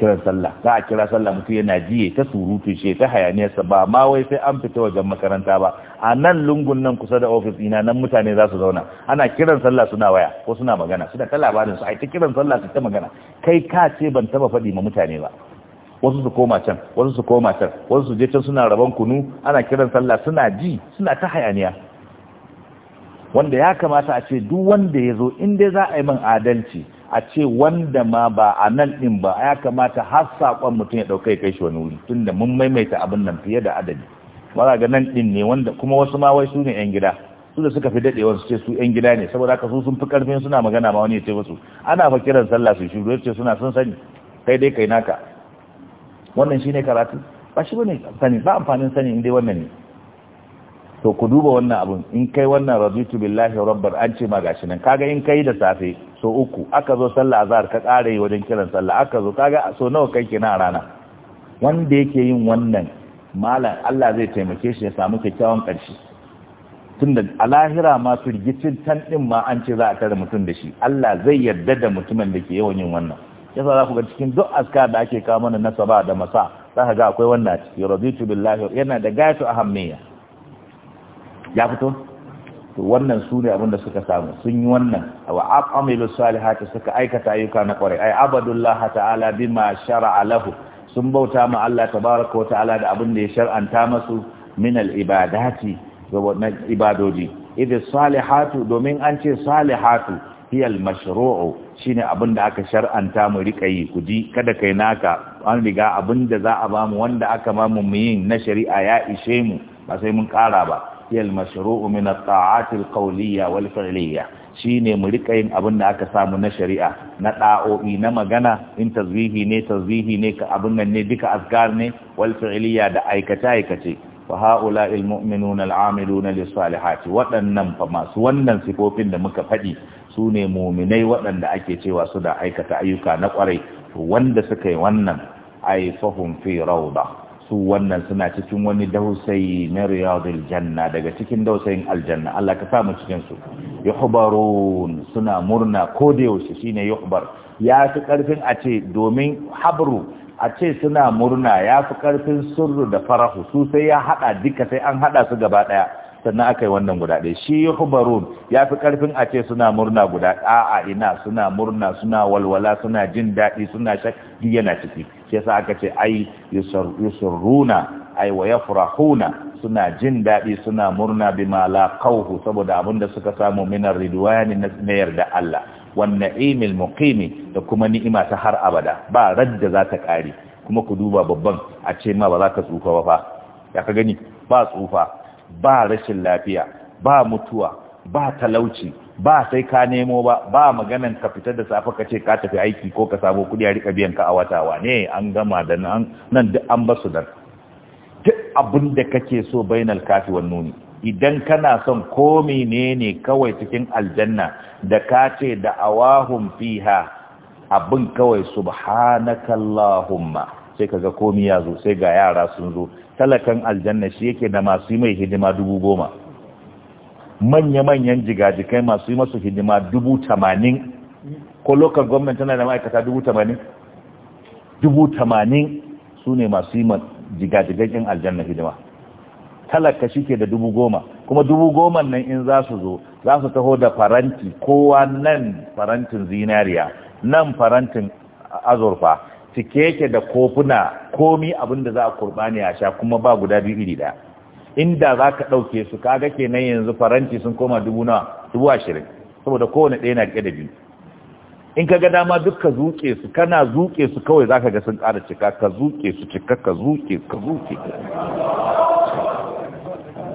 Speaker 1: kiran sallah za a kira sallah mutum yana jiye ta surutu ce ta hayaniyarsa ba ma wai sai an fita wajen makaranta ba a nan lungun nan kusa da ofis ina nan mutane za su zauna ana kiran sallah suna waya ko suna magana suna ta labarin su ai ta kiran sallah su ta magana kai ka ce ban taba faɗi ma mutane ba wasu su koma can wasu su koma can wasu su je can suna rabon kunu ana kiran sallah suna ji suna ta hayaniya wanda ya kamata a ce duk wanda ya zo in dai za a yi min adalci a ce wanda ma ba a nan ɗin ba ya kamata har saƙon mutum ya ɗauka kai shi wani wuri tunda mun maimaita abin nan fiye da adadi wala ga nan ɗin ne wanda kuma wasu ma wai su 'yan gida su da suka fi daɗe wasu ce su 'yan gida ne saboda haka su sun fi ƙarfin suna magana ma wani ya ce musu ana fa kiran sallah su shi ruwa ce suna sun sani kai dai kai naka wannan shi ne karatu ba shi wani sani ba amfanin sani inda wannan ne to ku duba wannan abin in kai wannan raditu billahi rabbar an ce ma gashi nan kaga in kai da safe so uku aka zo sallah azhar ka kare wajen kiran sallah aka zo kaga so nawa kai kina rana wanda yake yin wannan malam Allah zai taimake shi ya samu kyakkyawan karshe tunda a lahira ma firgicin tan din ma an ce za a tare mutum da shi Allah zai yarda da mutumin da ke yawan yin wannan yasa za ku ga cikin duk aska da ake kawo mana nasaba da masa za ka ga akwai wannan ciki raditu billahi yana da a ahammiya ya fito to wannan su ne abinda suka samu sun yi wannan wa amilu salihati suka aikata ayyuka na kwarai ai abadullah ta'ala bima shar'a lahu sun bauta ma Allah tabaraka wa ta'ala da abin da ya shar'anta masu min al ibadati na ibadodi idh salihatu domin an ce salihatu hiya al mashru'u shine abin da aka shar'anta mu rika yi ku ji kada kai naka an riga abin da za a ba mu wanda aka ba mu yin na shari'a ya ishe mu ba sai mun kara ba yal mashru'u min at-ta'ati al-qawliyya wal fi'liyya shine mu rika yin abin da aka samu na shari'a na da'o'i na magana in tazwihi ne tazwihi ne ka abin nan ne duka azkar ne wal fi'liyya da aikace aikace fa haula al-mu'minuna al-amiluna lis-salihati waɗannan fa masu wannan sifofin da muka faɗi su ne muminai waɗanda ake cewa su da aikata ayyuka na ƙwarai wanda suka yi wannan fahun fi rauda su wannan suna cikin wani dausayi na riyadul janna daga cikin dausayin aljanna Allah ka samu cikin su yuhbarun suna murna ko da yaushe shine yuhbar ya fi karfin a ce domin habru a ce suna murna ya fi karfin surru da farahu su sai ya hada duka sai an hada su gaba daya sannan aka yi wannan guda ɗaya shi hubarun ya fi ƙarfin a ce suna murna guda a ina suna murna suna walwala suna jin daɗi suna shakki yana ciki shi yasa aka ce ai yusurruna ai wa yafrahuna suna jin daɗi suna murna bimala kauhu saboda abin da suka samu minar ridwani na yarda Allah wan na'imil muqimi da kuma ni'ima ta har abada ba radda za ta kare kuma ku duba babban a ce ma ba za ka tsufa ba fa ya ka gani ba tsufa ba rashin lafiya ba mutuwa ba talauci ba sai ka nemo ba ba maganan ka fitar da safe ka ce ka tafi aiki ko ka samu kudi a rika biyan ka a wata wane an gama da nan nan duk an basu nan duk abin da kake so bainal kafi wan nuni idan kana son ko menene kawai cikin aljanna da kace da awahum fiha abin kawai subhanakallahumma sai kaga komi ya zo sai ga yara sun zo talakan aljanna shi yake da masu yi mai hidima dubu goma manya-manyan jigajikai masu yi masu hidima dubu tamanin ko lokal gwamnati tana da ma'aikata dubu tamanin dubu tamanin su ne masu yi jigajigajen aljanna hidima talaka shi ke da dubu goma kuma dubu goma nan in za su zo za su taho da faranti kowa nan farantin zinariya nan farantin azurfa cike yake da kofuna komi abin da za a kurbani a sha kuma ba guda biyu iri da inda za ka ɗauke su kaga kenan yanzu faranti sun koma dubu na dubu ashirin saboda kowane ɗaya na riƙe da biyu in ka ga dama duk ka zuƙe su kana zuƙe su kawai za ka ga sun ƙara cika ka zuƙe su cika ka zuƙe ka zuƙe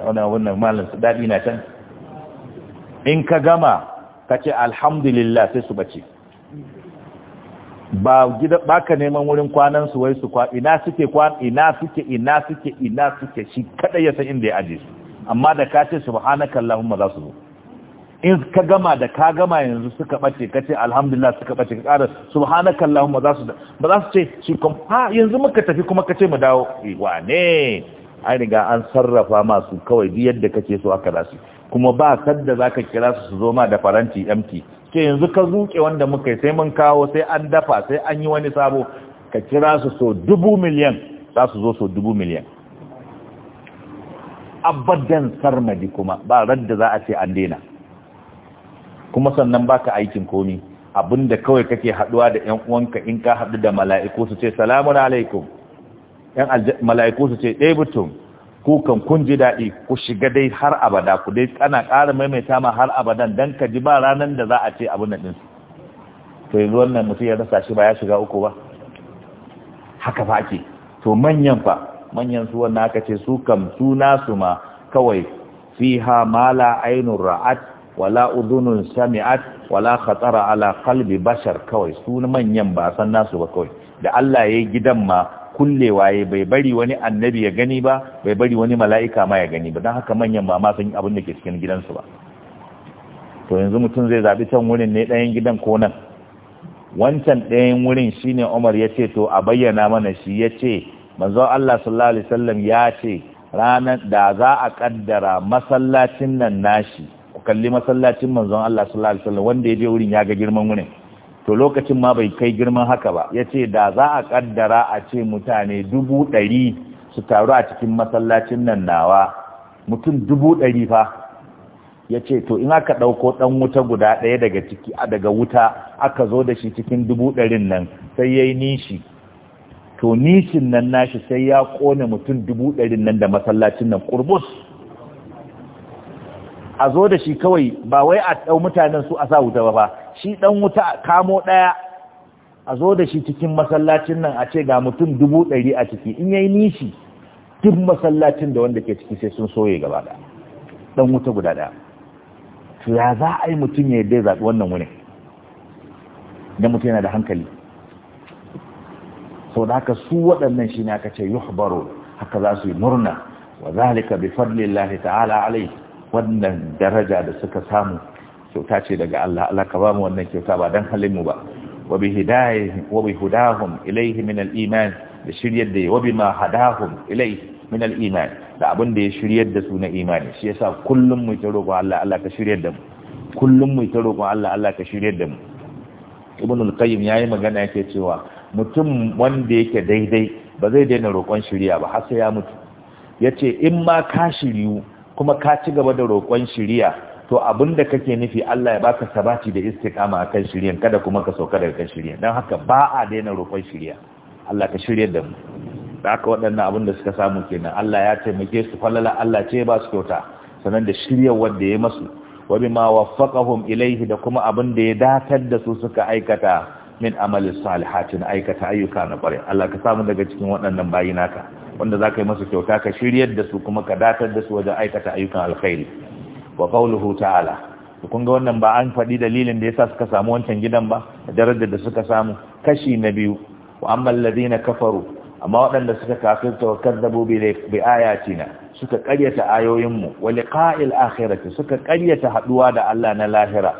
Speaker 1: wannan wannan malin su daɗi na can in ka gama ka ce alhamdulillah sai su bace ba gida baka neman wurin kwanan su wai su kwa ina suke kwan ina suke ina suke ina suke shi kada ya san inda ya aje su amma da ka ce subhanaka allahumma za su zo in ka gama da ka gama yanzu suka bace ka ce alhamdulillah suka bace ka ƙara subhanaka allahumma za su ba za su ce shi kom ha yanzu muka tafi kuma ka ce mu dawo eh, wane an riga an sarrafa masu kawai duk yadda kake so aka za su kuma ba sadda za ka kira su su zo ma da faranti empty ke yanzu ka zuke wanda muka yi sai mun kawo sai an dafa sai an yi wani sabo ka kira su so dubu miliyan za su zo so dubu miliyan abadan sarmadi kuma ba radda za a ce an daina kuma sannan baka aikin komi abinda kawai kake haduwa da yan uwanka in ka haɗu da mala'iku su ce salamun alaikum yan mala'iku su ce ɗaya kukan kan kun ji daɗi ku shiga dai har abada ku dai ana ƙara maimaita ma har abadan dan ka ji ba ranar da za a ce abin ɗinsu to yanzu wannan mutum ya rasa shi ba ya shiga uku ba haka fa ake to manyan fa manyan su wannan aka ce su kam su nasu ma kawai fiha ha mala ainun ra'at wala udunun sami'at wala khatara ala qalbi bashar kawai su manyan ba san nasu ba kawai da Allah ya yi gidan ma kulle waye bai bari wani annabi ya gani ba bai bari wani mala'ika ma ya gani ba don haka manyan mama sun abin da ke cikin gidansu ba to yanzu mutum zai zaɓi can wurin ne ɗayan gidan ko nan wancan ɗayan wurin shine umar ya ce to a bayyana mana shi ya ce manzo Allah sallallahu alaihi wasallam ya ce ranar da za a kaddara masallacin nan nashi ku kalli masallacin manzon Allah sallallahu alaihi wasallam wanda ya je wurin ya ga girman wurin to lokacin ma bai kai girman haka ba ya ce da za a kaddara a ce mutane dubu ɗari su taru a cikin masallacin nan nawa mutum dubu ɗari fa ya ce to in aka ɗauko ɗan wuta guda ɗaya daga ciki daga wuta aka zo da shi cikin dubu ɗarin nan sai ya yi nishi to nishin nan nashi sai ya ƙone mutum dubu ɗarin nan da masallacin nan ƙurbus a zo da shi kawai ba wai a ɗau mutanen su a sa wuta ba ba shi ɗan wuta kamo ɗaya a zo da shi cikin masallacin nan a ce ga mutum dubu ɗari a ciki in yayi nishi duk masallacin da wanda ke ciki sai sun soye gaba ɗaya ɗan wuta guda ɗaya to ya za a yi mutum ya yadda zaɓi wannan wuni? da mutum yana da hankali sau da haka su waɗannan shi ne aka ce yuhbaro haka za su yi murna wa zalika bi fadlillahi ta'ala alaihi wannan daraja da suka samu kyauta ce daga Allah Allah ka ba mu wannan kyauta ba dan halin mu ba wa bi hidayahum wa bi hudahum ilayhi min al-iman da shiryar da wa ma hadahum ilayhi min al-iman da abin da ya shiryar da su na imani shi yasa kullum mu ta roƙo Allah Allah ka shiryar da mu kullum mu ta roƙo Allah Allah ka shiryar da mu ibn al-qayyim yayi magana yake cewa mutum wanda yake daidai ba zai daina roƙon shirya ba har sai ya mutu yace in ma ka shiryu kuma ka ci gaba da roƙon shiriya to abin da kake nufi Allah ya baka sabati da istiqama akan shiriyan kada kuma ka sauka daga kan shirya. dan haka ba a daina roƙon shiriya Allah ka shiryar da mu da haka waɗannan abin da suka samu kenan Allah ya taimake su falala Allah ce ba su kyauta sanan da shiryar wanda ya masu wa bima waffaqahum ilaihi da kuma abin da ya datar da su suka aikata min amali na aikata ayyuka na kwarai Allah ka samu daga cikin waɗannan bayi naka wanda zaka yi masa kyauta ka shiryar da su kuma ka datar da su wajen aikata ayyukan alkhairi wa qawluhu ta'ala kun ga wannan ba an faɗi dalilin da yasa suka samu wancan gidan ba darajar da suka samu kashi na biyu wa ammal ladina kafaru amma waɗanda suka kafirta wa kadzabu bi na suka ƙaryata ayoyinmu wa liqa'il akhirati suka ƙaryata haduwa da Allah na lahira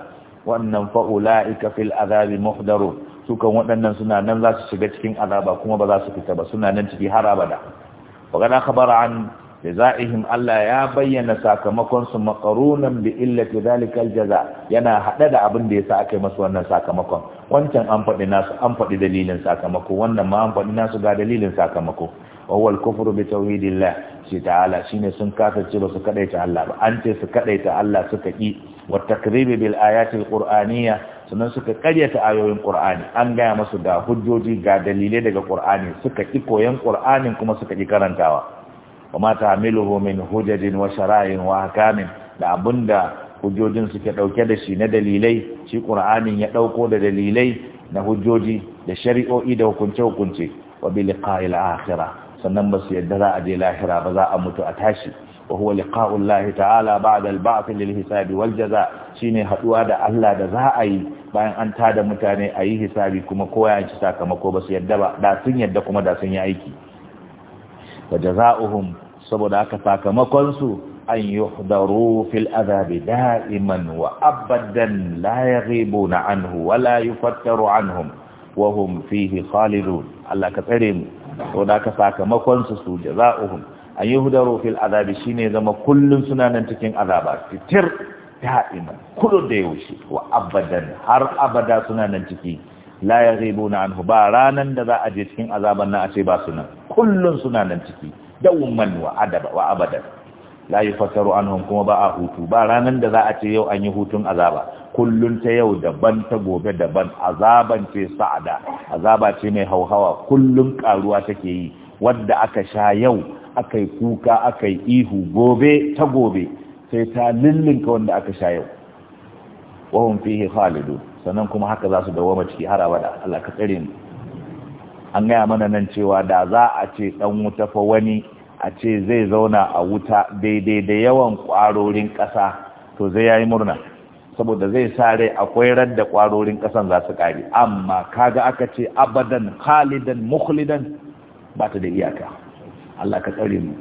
Speaker 1: wannan fa'ula'ika fil azabi muhdarun Sukan waɗannan suna nan za su shiga cikin azaba kuma ba za su fita ba suna nan ciki har abada wa kana khabara an jazaihim Allah ya bayyana sakamakon su maqarunan bi illati zalika aljaza yana hada da abin da yasa aka yi masu wannan sakamakon wancan an faɗi nasu an faɗi dalilin sakamako wannan ma an faɗi nasu ga dalilin sakamako wa huwa al-kufru bi tawhidillah ce ta'ala shine sun kasance ba su kadaita Allah ba an ce su kadaita Allah suka ki wa takribi bil ayatil qur'aniyya sannan suka karyata ayoyin qur'ani an gaya masu da hujjoji ga dalilai daga qur'ani suka ki koyan qur'anin kuma suka ki karantawa wa ma ta'miluhu min hujajin wa shara'in wa hakamin da da hujjojin suke ɗauke da shi na dalilai shi qur'anin ya ɗauko da dalilai na hujjoji da shari'o'i da hukunce hukunce wa bi liqa'il akhirah sannan ba su yadda za a je lahira ba za a mutu a tashi وهو لقاء الله تعالى بعد البعث للحساب والجزاء shine haduwa da Allah da za a yi bayan an ta da mutane a yi hisabi kuma kowa ya ci sakamako ba su yadda ba da sun yadda kuma da sun yi aiki wa jazaohum saboda aka sakamakon su an yuhdaru fil azabi da'iman wa abadan la yaghibuna anhu wa la yufattaru anhum wa hum fihi khalidun Allah ka tsare mu saboda aka sakamakon su su jazaohum an yi hudaro fil azabi shine zama kullum suna nan cikin azaba fitir da'ima kullu da yaushe wa abadan har abada suna nan ciki la yaghibuna anhu ba ranan da za a je cikin azaban nan a ce ba su nan kullum suna nan ciki dawman wa adaba wa abadan la yufattaru anhum kuma ba a hutu ba ranan da za a ce yau an yi hutun azaba kullun ta yau daban ta gobe daban azaban ce sa'ada azaba ce mai hauhawa kullun karuwa take yi wadda aka sha yau aka yi kuka aka yi ihu gobe ta gobe sai ta lullinka wanda aka sha yau wahun fihi khalidu sannan kuma haka za su dawoma ciki har abada Allah ka tsare mu an gaya mana nan cewa da za a ce dan wuta fa wani a ce zai zauna a wuta daidai da yawan kwarorin ƙasa to zai yayi murna saboda zai sare akwai radda kwarorin ƙasan za su kare amma kaga aka ce abadan khalidan mukhlidan ba ta da iyaka Allah ka tsare mu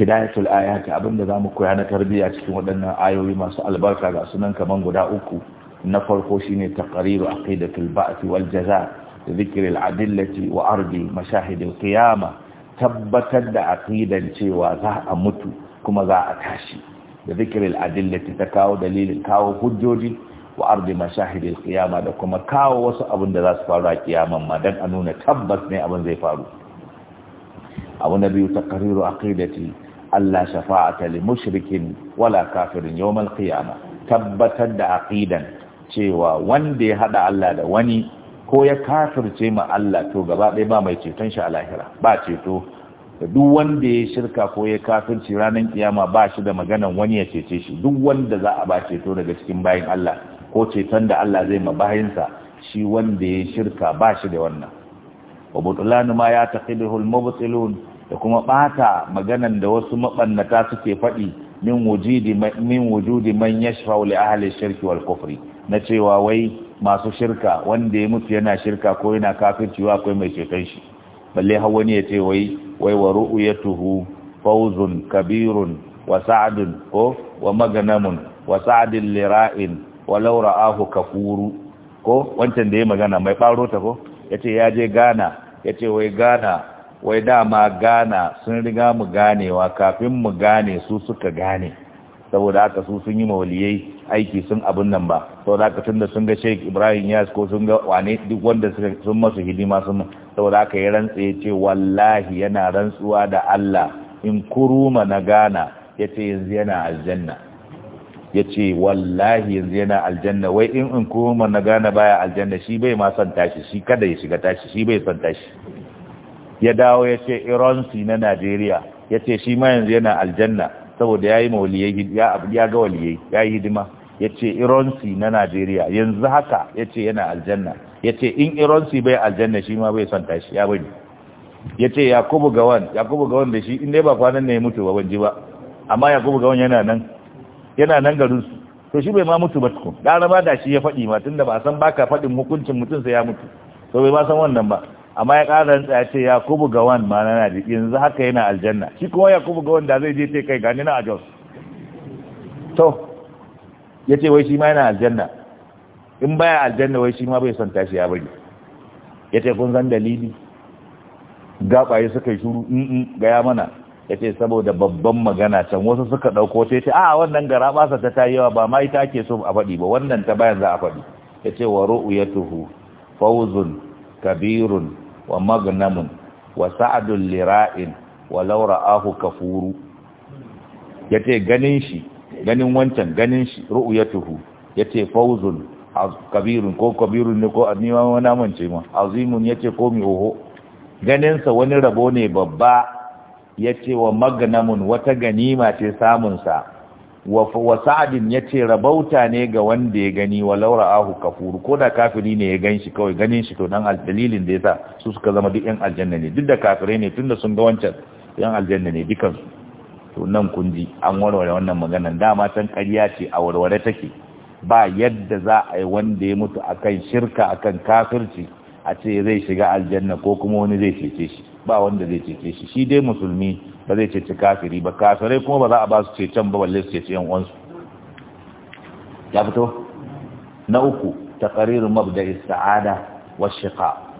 Speaker 1: hidayatul ayat abinda zamu koya na tarbiyya cikin waɗannan ayoyi masu albarka ga sunan kaman guda uku na farko shine taqriru aqidatul ba'th wal jazaa dhikr al adillati wa ardi mashahid al qiyama tabbatar da aqidan cewa za a mutu kuma za a tashi da dhikr al adillati ta kawo dalilin kawo hujjoji wa ardi mashahidil qiyama da kuma kawo wasu abin da za su faru a kiyaman ma dan a nuna tabbas ne abin zai faru abu na biyu taqriru aqidati Allah shafa'ata li mushrikin wala kafirin yawmal qiyama tabbatar da aqidan cewa wanda ya hada Allah da wani ko ya kafirce ma Allah to gaba ɗaya ba mai ceton shi a lahira ba ceto da duk wanda ya shirka ko ya kafirci ranar kiyama ba shi da maganan wani ya cece shi duk wanda za a ba ceto daga cikin bayan Allah ko ceton da Allah zai mabayinsa shi wanda ya shirka ba shi da wannan wa ma ya taqiduhu al-mubtilun da kuma ɓata maganan da wasu mabannata suke faɗi min wujudi min wujudi man yashfa'u li ahli shirki wal kufri na cewa wai masu shirka wanda ya mutu yana shirka ko yana kafirci akwai mai ceton shi balle har wani ya ce wai wai wa ru'yatuhu fawzun kabirun wa Sa'adun ko wa maganamun wa Sa'adun lira'in walau ra'ahu kafuru ko wancan da ya magana mai ɓaro ta ko ya ya je gana ya wai gana wai dama gana sun riga mu ganewa kafin mu gane su suka gane saboda haka su sun yi mawaliyai aiki sun abin nan ba saboda haka tunda sun ga sheikh ibrahim yas ko sun ga wane duk wanda sun masu hidima sun saboda haka ya rantsa ya wallahi yana rantsuwa da allah in kuruma na gana yace yanzu yana aljanna ya ce wallahi yanzu yana aljanna wai in in kuma na gane baya aljanna shi bai ma son tashi shi kada ya shiga tashi shi bai son tashi ya dawo ya ce iransi na najeriya ya ce shi ma yanzu yana aljanna saboda ya yi mawaliyai ya ga waliyai ya yi hidima ya ce iransi na najeriya yanzu haka ya ce yana aljanna ya ce in iransi bai aljanna shi ma bai son tashi ya bari ya ce yakubu gawan yakubu gawan da shi inda ba kwanan ne ya mutu ba ban ji ba amma yakubu gawan yana nan yana nan garin su to shi bai ma mutu ba tukun gara ba da shi ya faɗi ma tunda ba san baka faɗin hukuncin mutum sai ya mutu to bai ma san wannan ba amma ya ƙara rantsa ya ce yakubu gawan ma na nadi yanzu haka yana aljanna shi kuma yakubu gawan da zai je ce kai gani na a jos to ya ce wai shi ma yana aljanna in baya aljanna wai shi ma bai son tashi ya bari ya ce kun san dalili gaɓaye suka yi shuru ga ya mana Ya ce saboda babban magana can wasu suka ɗauko sai ce a wannan gara basa ta yi yawa ba ma ita ake so a faɗi ba wannan ta bayan za a faɗi Ya ce wa ya tuhu fawzun kabirun wa magnamun wa sa'adun lira'in wa laura ahu kafuru ce ganin shi ganin wancan ganin shi ya tuhu. Ya ce fawzun kabirun ko kabirun ne ko adniwa wani amince ma azimun yace ko mi oho ganin sa wani rabo ne babba ya ce wa magnamun wata ganima ce samunsa wa sa'adin ya ce rabauta ne ga wanda ya gani wa laura ahu kafuru ko da kafiri ne ya gan kawai ganin shi to dan dalilin da ya sa su suka zama duk yan aljanna ne duk da kafirai ne tunda sun ga wancan yan aljanna ne dukan to nan kun ji an warware wannan magana dama can ƙarya ce a warware take ba yadda za a yi wanda ya mutu akan shirka akan kafirci a ce zai shiga aljanna ko kuma wani zai cece shi ba wanda zai cece shi shi dai musulmi ba zai cece kafiri ba kafirai kuma ba za a ba su cecen ba balle su cece yan uwansu ya fito na uku taqrir mabda is-sa'ada wash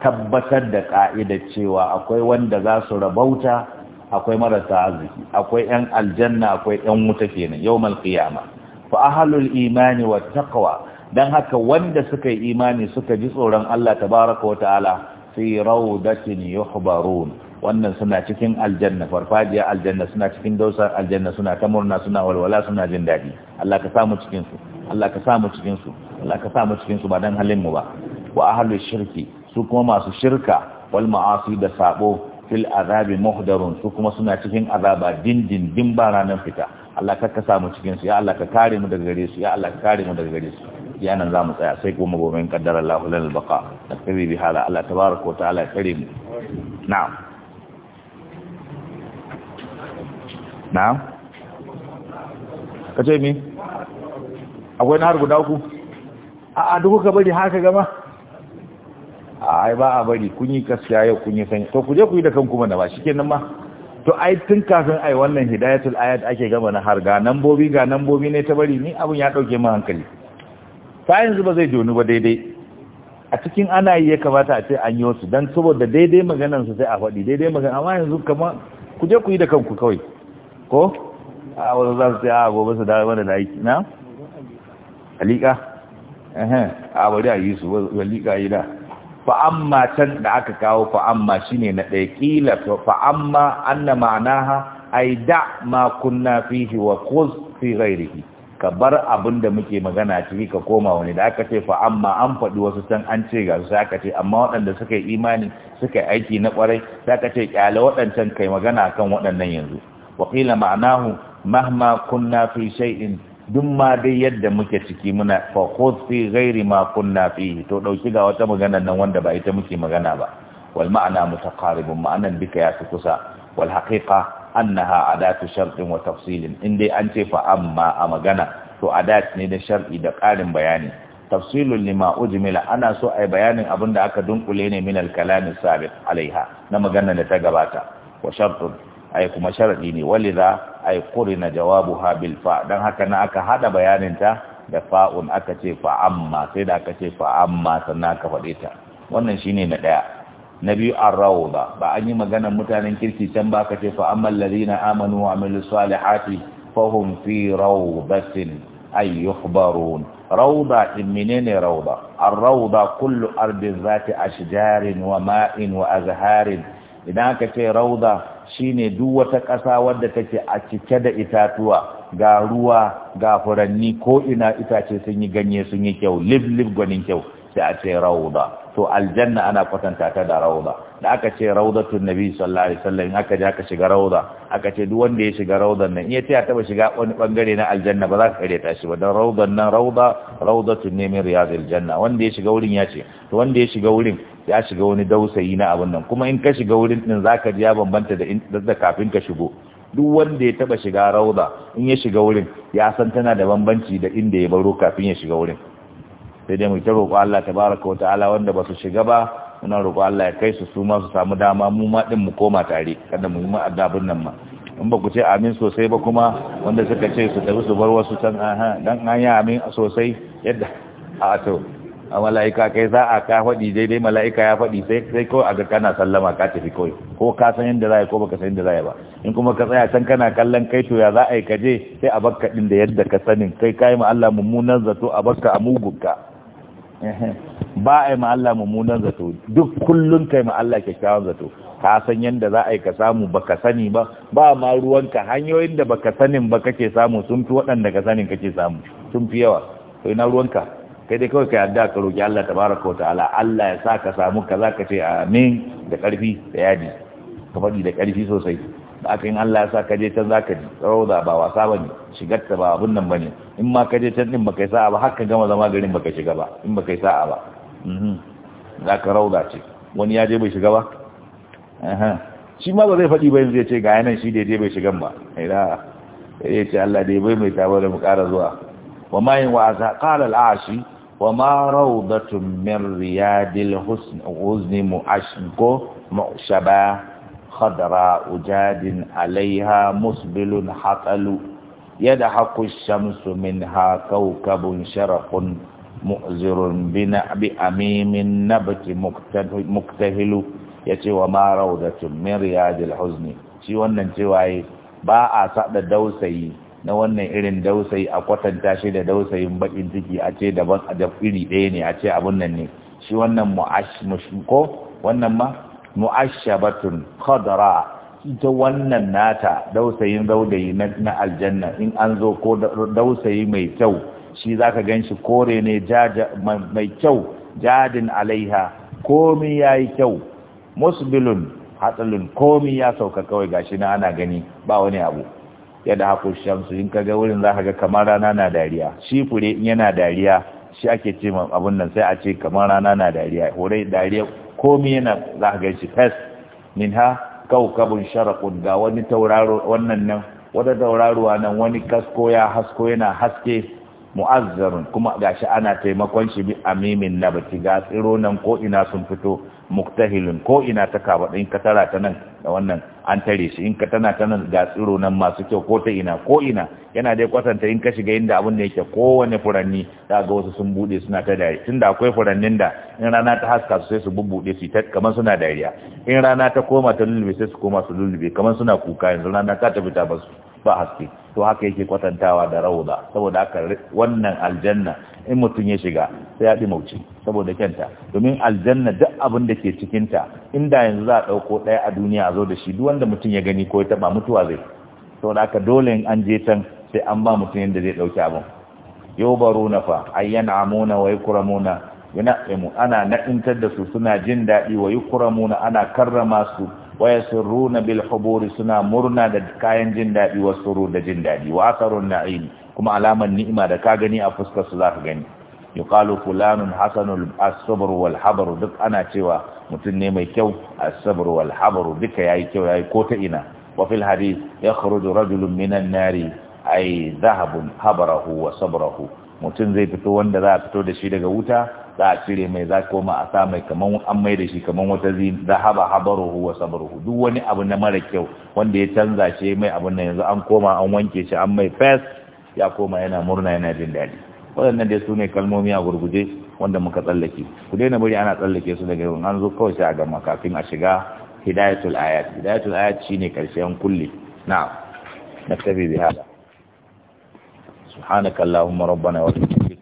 Speaker 1: tabbatar da ƙa'ida cewa akwai wanda za su rabauta akwai marasa arziki akwai yan aljanna akwai yan wuta kenan yawmal qiyama fa ahlul imani wat taqwa dan haka wanda suka yi imani suka ji tsoron Allah tabaraka wa ta'ala fi rawdatin yuhbarun wannan suna cikin aljanna farfajiya aljanna suna cikin dausar aljanna suna ta murna suna walwala suna jin daɗi Allah ka samu cikin su Allah ka samu cikin su Allah ka samu cikin su ba dan halin mu ba wa ahlu shirki su kuma masu shirka wal ma'asi da sabo fil azabi muhdarun su kuma suna cikin azaba dindin din ba ranar fita Allah ka ka samu cikin su ya Allah ka kare mu daga gare su ya Allah ka kare mu daga gare su gaskiya nan zamu tsaya sai goma gobe in kaddara Allahu lana al-baqa naktabi bi hala Allah tabaaraka wa ta'ala kare mu na'am na'am kace mi akwai na har guda uku a a duk ka bari haka gama ai ba a bari kun yi gaskiya yau kun yi san to ku je ku yi da kanku mana ba shikenan ma to ai tun kafin ai wannan hidayatul ayat ake gama na har ga bobi ga nan bobi ne ta bari ni abun ya dauke mu hankali ta yanzu ba zai joni ba daidai a cikin ana yi ya kamata a ce an yi wasu don saboda daidai maganansu sai a faɗi daidai magana amma yanzu kama ku je ku yi da kanku kawai ko a wasu za su ce a gobe su dawo mana da aiki na halika a bari a yi su halika yi da fa'amma can da aka kawo fa'amma shi ne na ɗaya ƙila fa'amma an na ma'ana ha ai da ma kunna fihi wa kuz fi ghairihi ka bar abin da muke magana ciki ka koma wani da aka ce fa amma an faɗi wasu can an ce ga su aka ce amma waɗanda suka yi imani suka yi aiki na ƙwarai sai aka ce ƙyale waɗancan kai magana kan waɗannan yanzu wakila ma'anahu mahma kunna fi shay'in duk ma dai yadda muke ciki muna fa khudh fi ghairi ma kunna fi to dauki ga wata magana nan wanda ba ita muke magana ba wal ma'ana mutaqaribun ma'anan bika ya kusa wal haqiqa annaha adatu shartin wa tafsilin in dai an ce fa amma a magana to adat ne da shar'i da ƙarin bayani Tafsilin lima ujmila ana so ai bayanin abin da aka dunkule ne min al-kalami alaiha na magana da ta gabata wa shartun ai kuma sharadi ne waliza ai qurina jawabuha bil fa dan haka na aka hada bayanin ta da fa'un aka ce fa amma sai da aka ce fa amma sannan aka faɗe ta wannan shine na daya na biyu an rawo ba ba an yi maganar mutanen kirki can ba ka ce fa amman ladina amanu wa amilu salihati fahum fi rawdatin ay yukhbarun rawda din menene an ar rawda kullu ardin zati ashjarin wa ma'in wa azharin idan aka ce rawda shine duk wata ƙasa wadda take a cike da itatuwa ga ruwa ga furanni ko ina itace sun yi ganye sun yi kyau lif lif gwanin kyau sai a ce rawda to aljanna ana kwatanta ta da rauda da aka ce raudatun nabi sallallahu alaihi wasallam aka je aka shiga rauda aka ce duk wanda ya shiga raudan nan iya ta taba shiga wani bangare na aljanna ba za ka kare ta shi ba dan raudan nan rauda raudatun ne min riyadil janna wanda ya shiga wurin ya ce to wanda ya shiga wurin ya shiga wani dausayi na abun nan kuma in ka shiga wurin din zaka ji ya bambanta da da kafin ka shigo duk wanda ya taba shiga rauda in ya shiga wurin ya san tana da bambanci da inda ya baro kafin ya shiga wurin sai dai mu ta roƙo Allah tabaraka wa ta'ala wanda ba su shiga ba muna roƙo Allah ya kai su su ma su samu dama mu ma din mu koma tare kada mu yi mu addabin nan ma in ba ku ce amin sosai ba kuma wanda suka ce su tafi su bar wasu can aha dan an yi amin sosai yadda a to a mala'ika kai za a ka faɗi dai-dai mala'ika ya faɗi sai sai kawai a ga kana sallama ka tafi kawai ko ka san yadda za a yi ko baka san yadda za a yi ba in kuma ka tsaya can kana kallon kai to ya za a yi kaje sai a bakka ɗin da yadda ka sanin kai kai ma Allah mummunan zato a bakka a mugunka ba a yi ma Allah mummunan zato duk kullum kai ma Allah kyakkyawan zato ka san yadda za a yi ka samu baka sani ba ba ma ruwanka hanyoyin da baka sanin ba kake samu sun fi waɗanda ka sanin kake samu sun fi yawa to ina ruwanka kai dai kawai ka yarda ka roki Allah tabaraka wa ta'ala Allah ya sa ka samu kaza ka ce amin da karfi da yadi ka faɗi da karfi sosai da aka yin Allah ya sa ka je can zaka ji tsawo da ba wasa bane shigar ta ba abun nan bane in ma ka je can din baka sa'a ba har ka gama zama garin baka shiga ba in baka sa'a ba mhm. za ka rauda ce wani ya je bai shiga ba shi ma ba zai faɗi ba yanzu ya ce ga yanan shi da ya je bai shigan ba ila ya ce Allah dai bai mai tabar da mu ƙara zuwa wa ma yin wa'aza qala al-ashi wa ma rawdatun min riyadil huzni mu'ashko mu'shaba khadra ujadin alaiha musbilun hatalu ya da haku shamsu min ha kau kabun sharafun mu'zirun bi na bi amimin na baki mukta hilu ya ce wa marau da tun mir ya shi wannan cewa yi ba a sada dausayi na wannan irin dausayi a kwatanta shi da dausayin bakin ciki a ce daban a da iri ɗaya ne a ce abun nan ne shi wannan mu'ashi mashi ko wannan ma ita wannan nata dausayin zaudayi na aljanna in an zo ko dausayi mai kyau shi zaka ganshi kore ne mai kyau jadin alaiha komi yayi kyau musbilun hatsalin komi ya sauka kawai gashi na ana gani ba wani abu yadda haku shamsu in kaga wurin zaka ga kamar rana na dariya shi fure in yana dariya shi ake ce abun nan sai a ce kamar rana na dariya hore dariya komi yana zaka ganshi fes minha kaukabin sharaƙun, ga wani tauraro wannan nan wata tauraruwa nan wani kasko ya hasko yana haske mu'azzarun kuma gashi ana taimakon shi bi amimin nabati ga tsiro nan ko ina sun fito muktahilin ko ina ta kaba ɗin ka tara ta nan da wannan an tare shi in ka tana ta nan ga tsiro nan masu kyau ko ta ina ko ina yana dai kwatanta in ka shiga inda abin da yake kowane furanni da ga wasu sun bude suna ta dariya tunda akwai furannin da in rana ta haska su sai su bubbude su kamar suna dariya in rana ta koma ta sai su koma su kamar suna kuka yanzu rana ta tafi ta basu ba haske to haka yake kwatantawa da rauda saboda haka wannan aljanna in mutum ya shiga sai ya dimauci saboda kyanta domin aljanna duk abin da ke cikinta inda yanzu za a ɗauko ɗaya a duniya a zo da shi duk wanda mutum ya gani ko ya taɓa mutuwa zai saboda haka dole in an je can sai an ba mutum yadda zai ɗauki abin yau baro na fa ayyana amuna wa kuramuna yana ana na'intar da su suna jin daɗi wa kuramuna ana karrama su waya sirruna bil huburi suna murna da kayan jin daɗi wa suru da jin daɗi wa asarun na'im kuma alaman ni'ima da ka gani a fuskar su zaka gani yuqalu fulanun hasanul as-sabr wal duk ana cewa mutum ne mai kyau as wal habr duka yayi kyau yayi ko ta ina wa fil hadith yakhruju rajulun minan nari ay dhahabun habarahu wa sabrahu mutum zai fito wanda za a fito da shi daga wuta za a cire mai za koma a sa mai kamar an mai da shi kamar wata zahaba habaruhu wa ruhu duk wani abu na mara kyau wanda ya canza shi mai abin da yanzu an koma an wanke shi an mai fes ya koma yana murna yana jin daɗi waɗannan dai su ne kalmomi a gurguje wanda muka tsallake ku daina bari ana tsallake su daga an zo kawai sai a gama kafin a shiga hidayatul ayat hidayatul ayat shine karshen kulli Na naktabi bi hada subhanakallahumma rabbana wa bihamdika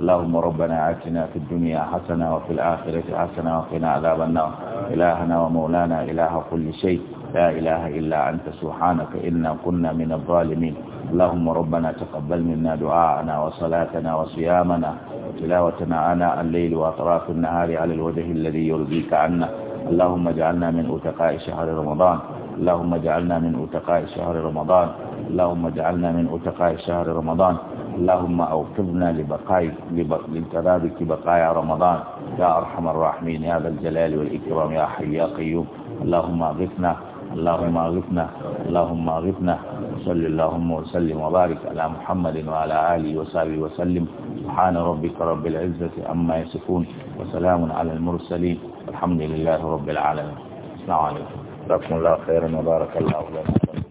Speaker 1: اللهم ربنا آتنا في الدنيا حسنة وفي الآخرة حسنة وقنا عذاب النار إلهنا ومولانا إله كل شيء لا إله إلا أنت سبحانك إنا كنا من الظالمين اللهم ربنا تقبل منا دعاءنا وصلاتنا وصيامنا وتلاوتنا آناء الليل وأطراف النهار على الوجه الذي يرضيك عنا اللهم اجعلنا من أتقاء شهر رمضان اللهم اجعلنا من أتقاء شهر رمضان اللهم اجعلنا من اتقاء شهر رمضان اللهم أوقفنا لبقاء لانتظارك بقايا رمضان يا أرحم الراحمين يا ذا الجلال والإكرام يا حي يا قيوم اللهم أغثنا اللهم أغثنا اللهم أغثنا صل اللهم وسلم وبارك على محمد وعلى آله وصحبه وسلم سبحان ربك رب العزة عما يصفون وسلام على المرسلين الحمد لله رب العالمين السلام عليكم جزاكم الله خيرا
Speaker 2: وبارك الله لكم